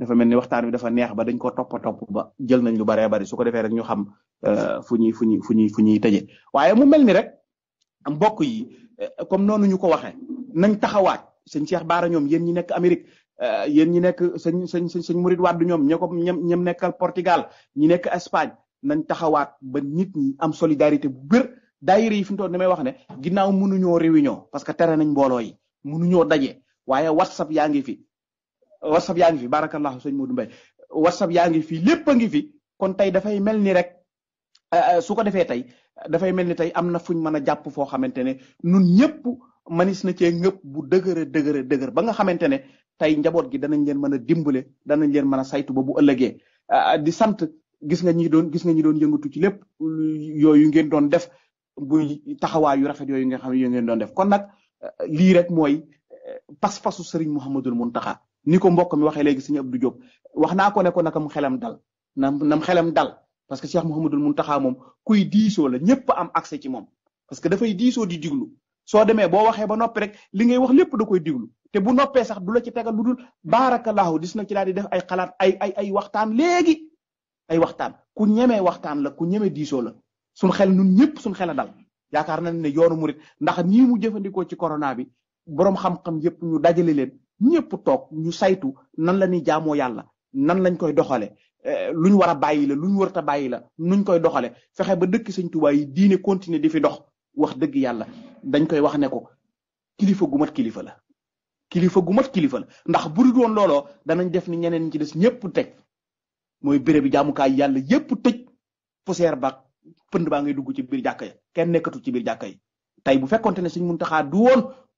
dafa melni waxtaan bi dafa neex ba dañ ko top top ba jël nañ lu bare bare su ko defee rek ñu xam euh, fu ñuy fu ñuy fu ñuy fu ñuy tëjee waaye mu melni rek am bokk yi euh, comme nonu ñu ko waxee nañ taxawaat señ Cheikh bara ñom yeen ñi nek amerique euh, yeen ñi nek señ señ señ mouride Murid ñom ñoom ña ñam nekkal Portugal ñi nek Espagne nañ taxawaat ba nit ñi am solidarité bu bir daayira yi fi ñu damay wax ne ginnaaw ñoo réunion parce que téré nañ mbolo yi ñoo dajé waye whatsapp yaangi fi whatsapp yaa ngi fi barakallahu sëñ Modou Mbaye whatsapp yaa ngi fi lépp a ngi fi kon tey dafay mel ni rek euh, euh, su ko defee tey dafay mel ni tey am na fuñ mën a jàpp foo xamante ne nun ñëpp manis na cee ngëpp bu dëgëra dëgëra dëgër ba nga xamante ne tey njaboot gi danañ leen mën a dimbale danañ leen mën a saytu ba ëllëgee euh, di sant gis nga ñi doon gis nga ñi doon yëngatu ci lépp yooyu ngeen def bu taxawaay yu rafet yooyu nga xam ne yooyu ngeen doon def kon nag lii rek mooy pas-pasu Serigne mun Mountakha ni ko mbokk mi waxe legi seigne Abdou Diop waxna ko ne ko nakam xelam dal nam nam xelam dal parce que cheikh mohamadul muntaxa mom kuy diiso la ñepp am accès ci Pas parce que fay diiso di diglu so deme bo waxe ba nopi rek li ngay wax lepp da koy diglu te bu noppee sax du la ci tégal luddul barakallahu dis na ci la di def ay xalaat ay ay ay waxtaan legi ay waxtaan ku ñëmé waxtaan la ku ñëmé diiso la sun xel nun ñepp sun xel dal yaakar na ne yoonu mourid ndax nii mu jëfëndiko ci corona bi borom xam-xam yépp ñu dajalé leen ñëpp toog ñu saytu nan la ñuy jaamoo yàlla nan lañ koy doxale eh, lu ñu war a bàyyi la lu ñu warut a bàyyi la nuñ koy doxale fexe ba dëkk Sëñ Tuubaa yi diine continuer di fi dox wax dëgg yàlla dañ koy wax ne ko kilifa gu mat kilifa la kilifa gu mat kilifa la ndax bu dul woon looloo danañ def ni ñeneen ñi ci des ñëpp teg mooy bérébu jaamukaay yàlla yëpp tëj poussière ba pënd baa ngay dugg ci biir jàkka ya kenn nekkatu ci biir jàkka yi tey bu fekkonte ne Sëñ Muntaxaa du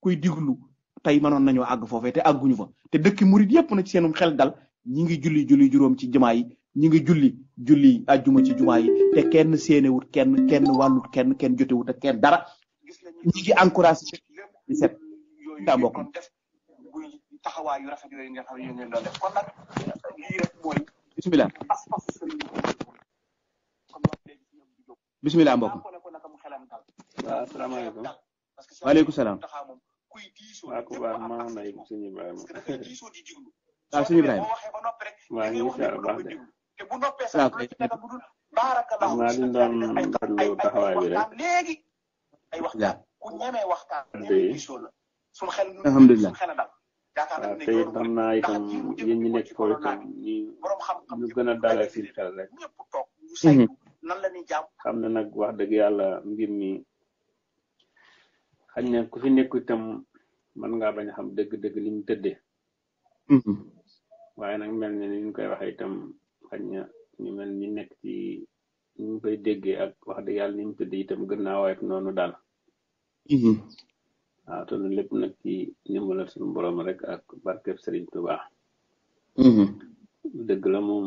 kuy diglu tey mënoon nañoo àgg foofee te àgguñu fa te dëkk murit yëpp na ci seenum xel dal ñi julli julli juróom ci jumaa yi ñi ngi julli julli ajjuma ci jumaa yi te kenn séenewut kenn kenn wàllut kenn kenn jotewut ak kenn dara ñi ngi encouragé di set daa bokk taxawaay yu rafet nga xam ne ñu ngi doon def kon nag lii rek mooy bisimilah bisimilah mbokk asalaamaaleykum waaleykum salaam koy diisoo. baax maa ngi lay suñu baax de. taxawaay ah, bi rek. waaw. alhamdulilah. waaw te a dalal seen xel rek. nag wax dëgg yàlla mbir mi. xañ na ku fi nekk tam man ngaa bañ xam dëgg-dëgg li tëdde tëddee mhm. waaye nag mel ne ni ñu koy waxee tam xañ na ñu mel ni nekk ci ñu ngi koy ak wax dëgg yàlla ni mu tëddee itam gën naa woyof noonu daal mhm. waaw te loolu lépp nag ci ndimbalal suñu borom rek ak barkeb Sëriñ Tuuba mhm. dëgg la moom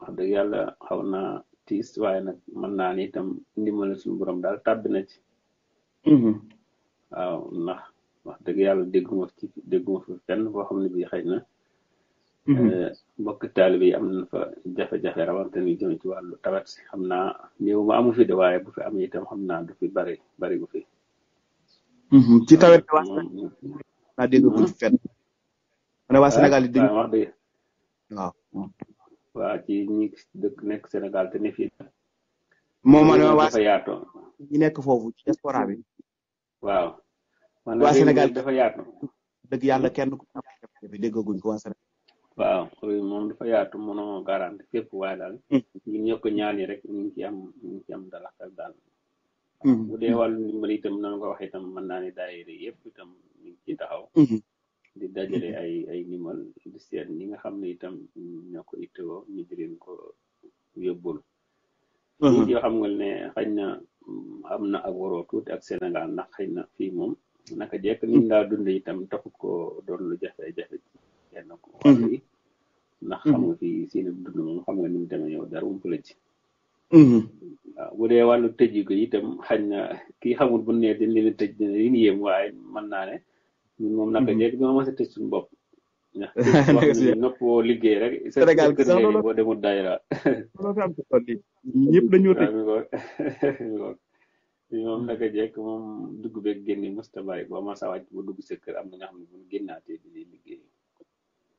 wax dëgg yàlla xaw na tiis waaye nag mën naa ni itam ndimbalal suñu borom daal tàbbi na ci waaw ndax wax dëgg yàlla dégguma ci fi fenn boo xam ne bi xëy na mhm. eh, mbokk taalibe am nañ fa jafe-jafe rawante ni jëm ci wàllu tawet si xam naa néew ma amu fi de waaye bu fi am yitam xam naa du fi bari bari bu fi mhm, ci tawet waa naa dégg ko fenn mu ah, Sénégal yi dégg wax dëgg ci nekk Sénégal te ne fii moom ma ne waa nekk foofu ci diaspora bi waaw. waa Sénégal dafa yaatu. dëgg yàlla kenn ku nekk bi déggaguñ ko waa Sénégal. waaw moom dafa yaatu mënoo garanti fépp waaye daal. Hmm. ñun ñoo ko ñaani rek ñu ngi ci am ñu ngi ci am dara ak daal. Hmm. bu dee wàllu ndimbal ko wax itam mën naa ne daayira yëpp itam ñu taxaw. Hmm. di dajale ay ay nga xam ne itam ñoo ko ittoo ñu di ko yóbbul. ñi am na ak waroo tuuti ak Sénégal ndax xëy na fii moom naka jekk niñ daa dund itam taxut ko doon lu jafe-jafe ci kenn ko wàll yi ndax fii seeni dund moom xam nga dara ump la ci mhm. waaw bu dee wàllu tëj ko itam xañ na kii xamul bu ne dañ leen tëj dina leen yéem waaye mën naa ne ñun moom naka mhm. jekk ma mos a suñu bopp ñëpp liggéey rek. Sénégal boo demul daayira. loolu am ci tool yi ñëpp dañoo tëj. moom naka jekk moom dugg boo bu dugg sa kër am na ñoo xam ne bu génnaatee di liggéey.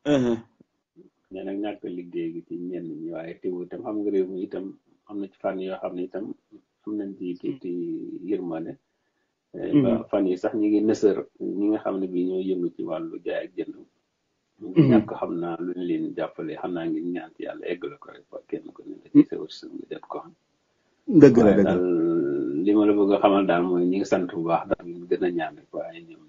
mais uh-huh. nag liggéey ci ñenn waaye teewul itam xam nga réew mi itam am na ci fànn yoo xam ne itam am nañ ci tuuti yërmande. Mm-hmm. Eh, fan yi sax ñi ngi nësër ñi nga xam ne bii ñoo yëngu ci wàllu jaay ak jënd. Mm-hmm. ñàkk xam naa lu ñu jàppale xam naa ngeen ñaan ci yàlla eggale ko rek ba kenn ku ne la ci sa la dëgg la li ma la bëgg a xamal daal mooy ñu ngi sant bu baax daal ñu gën a ñaan rek waaye ñoom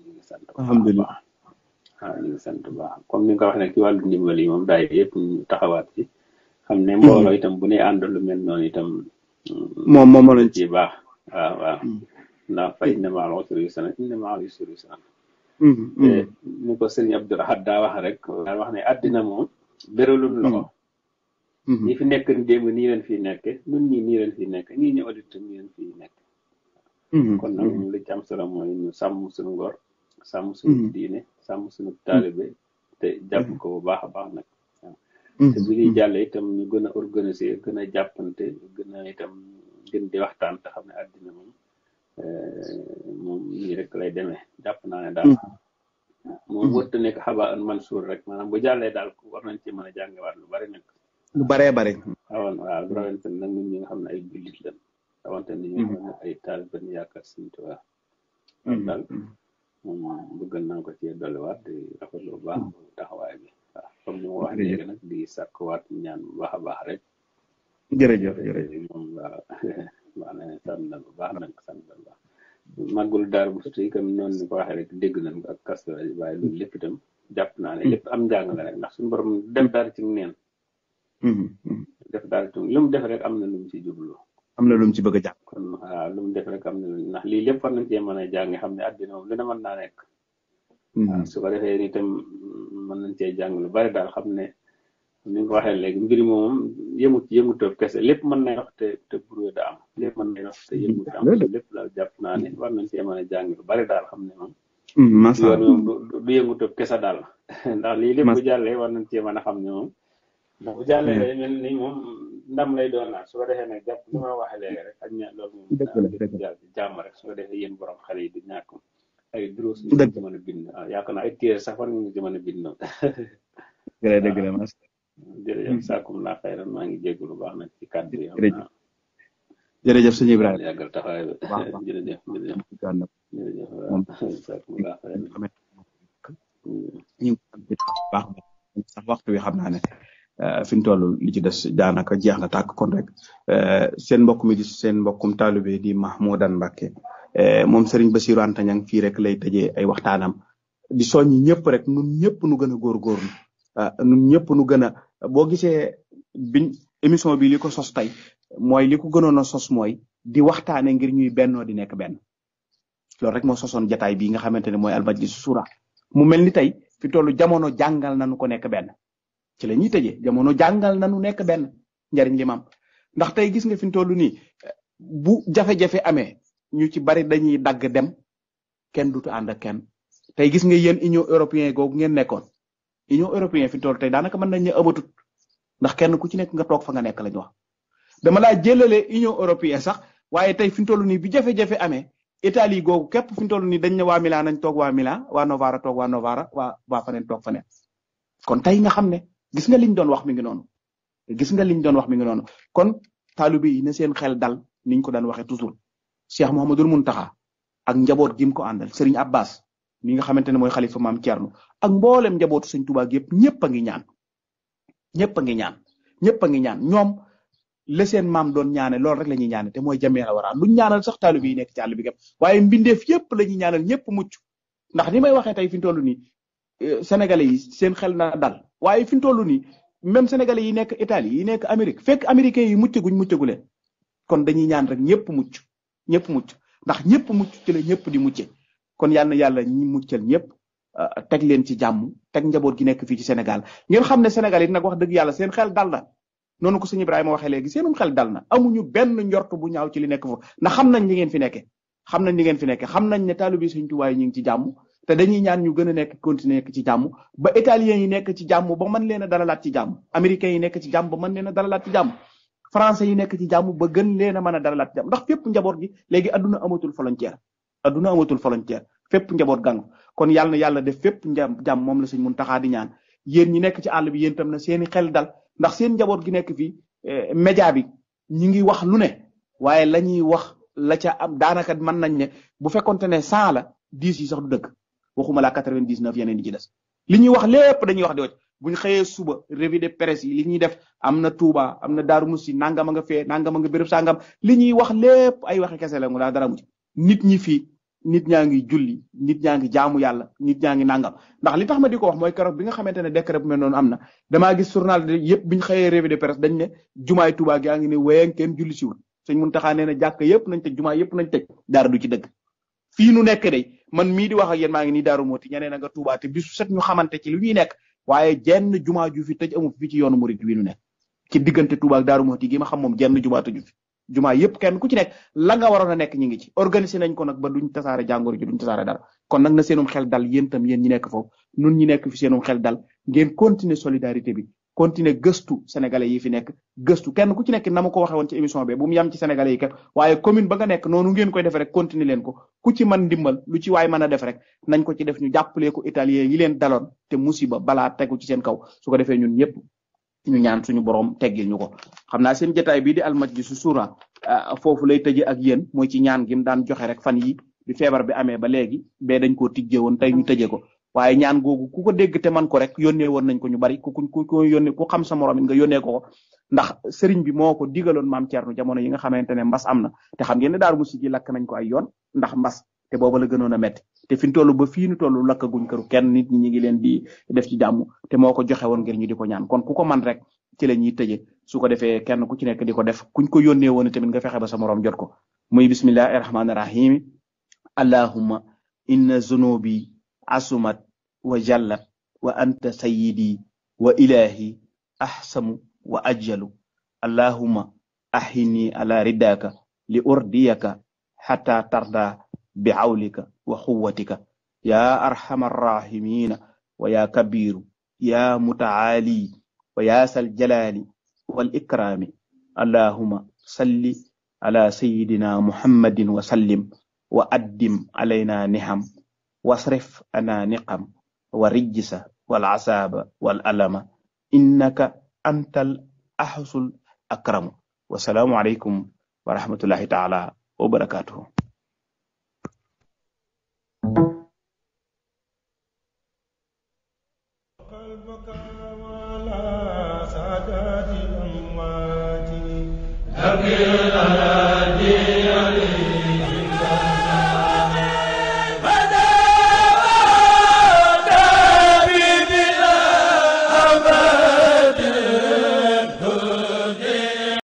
sant. baax comme ni nga ko waxee nag ci wàllu moom daay yëpp ñu taxawaat ci. xam ne mm-hmm. mbooloo itam bu ñuy ànd lu mel noonu itam. Mm, moom moom moo leen ci baax waaw waaw. Mm-hmm. ndax fay na maa la ko sori sana na ni mm, mm. ko sëriñ Abdou Lahad daa wax rek daan wax ne àddina moom béralul loxo mm. mm-hmm. ñi fi nekk démb nii leen fi nekk nun ñii nii leen fi nekk ñii ñu audit nii leen fi nekk mm-hmm. kon nag ñu mm-hmm. li ci am solo mooy ñu sàmm suñu ngor sàmm suñu diine sàmm suñu taalibe te jàpp ko bu baax a baax nag te bu ñuy jàll itam ñu gën a organiser gën a jàppante gën a itam gën di waxtaan te xam ne àddina moom Eh, moom nii rek lay demee jàpp naa ne daal hmm. moom hmm. wërta nekk xaba an mansour rek maanaam bu jàllee daal war nañ ci mën a jàngewaat lu bari nag lu baree bare awoon waaw rawante nag ñun ñi xam ne ay bilit lan rawante ni ñu xam hmm. ne ay taal benn yaakaar Sëñ Tuubaa daal moom bëgg naa ko ci dolliwaat di rafetlu bu baax taxawaay bi waaw comme ni ma wax léegi nag ñaan bu baax a baax rek jërëjëf jërëjëf moom waaw baax na sant na bu na bu baax daal bu suti itam noonu ñu ko rek dégg na ko ak kastra waaye loolu itam jàpp naa ne hmm. lépp am njàng la rek ndax suñu borom def daal ci neen hmm, hmm. def daal mu def rek am na lu mu ci jublu am na lu mu ci bëgg a jàpp kon lu mu def rek am na lu ndax lii lépp war nañ cee mën a jàng xam ne àddina moom lu ne mën naa nekk waaw su ko defee ni itam mën nañ cee jàng lu bari daal xam ne ni nga ko waxee léegi mbir moom yëngut yëngutoog kese lépp mën na wax te te broullé da am lépp mën na wax te yëngut am lépp daal jàpp naa ne war nañ cee mën a jàng daal xam ne moom. Mm, macha allah moom du yëngutoog kese daal. ndax li lépp bu jàllee war nañ cee mën a xam ne moom. ndax bu jàllee eh. day mel ni moom ndam lay doon naan su ko defee nag jàpp li ma rek ak ña loolu moom. dëgg la dëgg rek su ko defee yéen borom xale yi di ñàkk ay duros ñu ngi ci mën a bind. waaw ah, yaakaar naa ay téere sax war nañu ci mën a jërëjëf hmm. saakum laa xayran maa ngi jégg lu baax nag ci kàddu yi am jërëjëf sëñ Ibrahima yàggal taxawaay bi jërëjëf jërëjëf jërëjëf saakum laa xayran ñu baax sax waxtu wi xam naa ne euh, fi ñu toll li ci des daanaka jeex na tàkk kon rek euh, seen mbokk mi di seen mbokkum taalibe di Mbacke euh, moom fii rek lay tëjee ay waxtaanam di soññi ñëpp rek ñëpp nu gën a Euh, ñun ñëpp nu gën a boo gisee biñ émission bi li ko sos tey mooy li ko gënoon a sos mooy di waxtaane ngir ñuy bennoo di nekk benn loolu rek moo sosoon jataay bii nga xamante ne mooy Al-Majlizou Zoura mu mel ni tey fi tollu jamono jàngal nanu ko nekk benn ci la ñuy tëjee jamono jàngal nanu nekk benn njariñ li maam ndax tey gis nga fi tollu nii bu jafe-jafe amee ñu ci bari dañuy dagg dem kenn dutu ànd ak kenn tey gis nga yéen union européen googu ngeen nekkoon union européenne fi tol tay danaka man nañu ëbatu ndax kenn ku ci nekk nga tok fa nga nekk lañ wax dama la jëlale union européenne sax waye tay fi toll ni bi jafe jafé amé italie gogou képp fi toll ni dañ na wa milan nañ tok wa milan wa novara tok wa novara wa waa fanen tok fanen kon tay nga xamné gis nga liñ doon wax mi ngi noonu gis nga liñ doon wax mi ngi noonu kon talubi yi na seen xel dal niñ ko daan waxe toujours cheikh mohamadul muntaha ak njabot gim ko andal serigne abbas mi nga xamantene moy khalifa mam tiarno ak mbollem njabootu seigne touba gep ñepp nga ñaan ñepp nga ñaan ñepp nga ñaan ñom le mam doon ñaané lool rek lañuy ñaané té moy jamiira wara lu ñaanal sax talibi yi nekk ci allu bi gep waye mbindef yépp lañuy ñaanal ñepp muccu ndax ni may waxé tay fiñ tollu ni eh, sénégalais yi seen xel na dal waye fiñ tollu ni même sénégalais yi nekk italy yi nekk amérique fekk américain yi muccu guñ muccu kon dañuy ñaan rek ñepp muccu ñepp muccu ndax ñepp muccu ci la ñepp di muccé kon yàlla na yàlla ñi muccal ñëpp euh, teg leen ci jàmm teg njaboot gi nekk fii ci Sénégal ngeen xam ne Sénégal it nag wax dëgg yàlla seen xel dal na noonu ko sëñ Ibrahima waxee léegi seenum xel dal na amuñu benn njort bu ñaaw ci li nekk foofu ndax xam nañ li ngeen fi nekkee xam nañ li ngeen fi nekkee xam nañ ne taalibi sëñ Tuubaa yi ñu ngi ci jàmm te dañuy ñaan ñu gën a nekk continuer ci jàmm ba italiens yi nekk ci jàmm ba man leen a dalalaat ci jàmm américains yi nekk ci jàmm ba mën leen a dalalaat ci jàmm nekk ci jàmm ba gën leen a mën a dalalaat ci jàmm njaboot gi léegi adduna amatul frontière adduna amatul frontière fépp njaboot gàngu kon yàlla na yàlla def fépp jàmm moom la sëñ Muntaxa di ñaan yéen ñi nekk ci àll bi yéen tam na seeni xel dal ndax seen njaboot gi nekk fii eh, média bi ñi ngi wax lu ne waaye la ñuy wax la ca am daanaka mën nañ ne bu fekkonte ne cent la dix yi sax du dëgg waxuma la quatre-vingt-dix-neuf yeneen di ci des li ñuy wax lépp dañuy wax de wacc bu ñu xëyee suba revue de presse yi li ñuy def am na Touba am na Darou Moussi nangam a nga fee nangam a nga béréb sangam li ñuy wax lépp ay waxe kese la mu daa dara mu nit ñangi julli nit ñangi jaamu yalla nit ñangi ngi nangam ndax li tax ma diko wax moy keroog bi nga xamantene décret bu mel non amna dama gis journal yépp biñ xeyé revue de presse dañ né jumaay tubaab gi nga ne wéyeen kèn julli ci wul señ na jakk yépp nañ tëj jumaay yépp nañ dara du ci dëgg fi ñu nekk day man mi di wax ak yeen ma ngi ni daaru moti ñane na nga tuubaa te bisu set ñu xamanté ci li ñuy nekk darumoti jenn jumaa ju fi tej amu fi ci yoonu wi ñu nekk ci digënté ak daaru moti gi ma xam mom jenn jumaa fi juma yëpp kenn ku ci nekk la nga waroon a nekk ñi ngi ci organiser nañ ko nag ba duñ tasaare jàngoro ji duñ tasaare dara kon nag na seenum xel dal yéen tam yéen ñi nekk foofu nun ñi nekk fi seenum xel dal ngeen continuer solidarité bi continuer gëstu sénégalais yi fi nekk gëstu kenn ku ci nekk na ma ko waxee ci émission bi bu mu yam ci sénégalais yi kat commune ba nga nekk noonu ngeen koy def rek continuer leen ko ku ci man ndimbal lu ci waay mën a def rek nañ ko ci def ñu jàppalee ko italien yi leen daloon te musiba balaa tegu ci seen kaw su ko defee ñun ñëpp ñu ñaan suñu borom teggil ñuko xamna seen jotaay bi di su sura ah, fofu lay teji ak yeen moy ci ñaan gi mu daan joxe rek fan yi bi febar bi amé ba légui bé dañ ko tijjee won tay ñu tëjee ko waye ñaan gogu ku ko dégg té man ko rek yonné won nañ ko ñu bari ku ku ko yónnee ku xam sa morom nga yonné ko ndax sëriñ bi moko ko maam jamono yi nga xamantene mbass amna té na xam ngeen ne daaru musiji lak nañ ko ay yoon ndax mbass té bobu la gënon na metti te fi ñu toll ba fii ñu toll lakkaguñ këru kenn nit ñi ñu ngi leen di def ci jàmm te moo ko joxe woon ngir ñi di ko ñaan kon ku ko man rek ci la ñuy tëjee su ko defee kenn ku ci nekk di ko def kuñ ko yónnee woon tamit nga fexe ba sa moroom jot ko muy bismillahi rahmaani rahim allahumma inna zunubi asumat wa jallat wa anta sayyidi wa ilahi ahsamu wa ajjalu allahumma ahini ala ridaka li urdiyaka hatta tarda بعولك وقوتك يا أرحم الراحمين ويا كبير يا متعالي ويا الجلال والإكرام اللهم صل على سيدنا محمد وسلم وأدم علينا نهم واصرف أنا نقم ورجس والعذاب والألم إنك أنت الأحسن الأكرم والسلام عليكم ورحمة الله تعالى وبركاته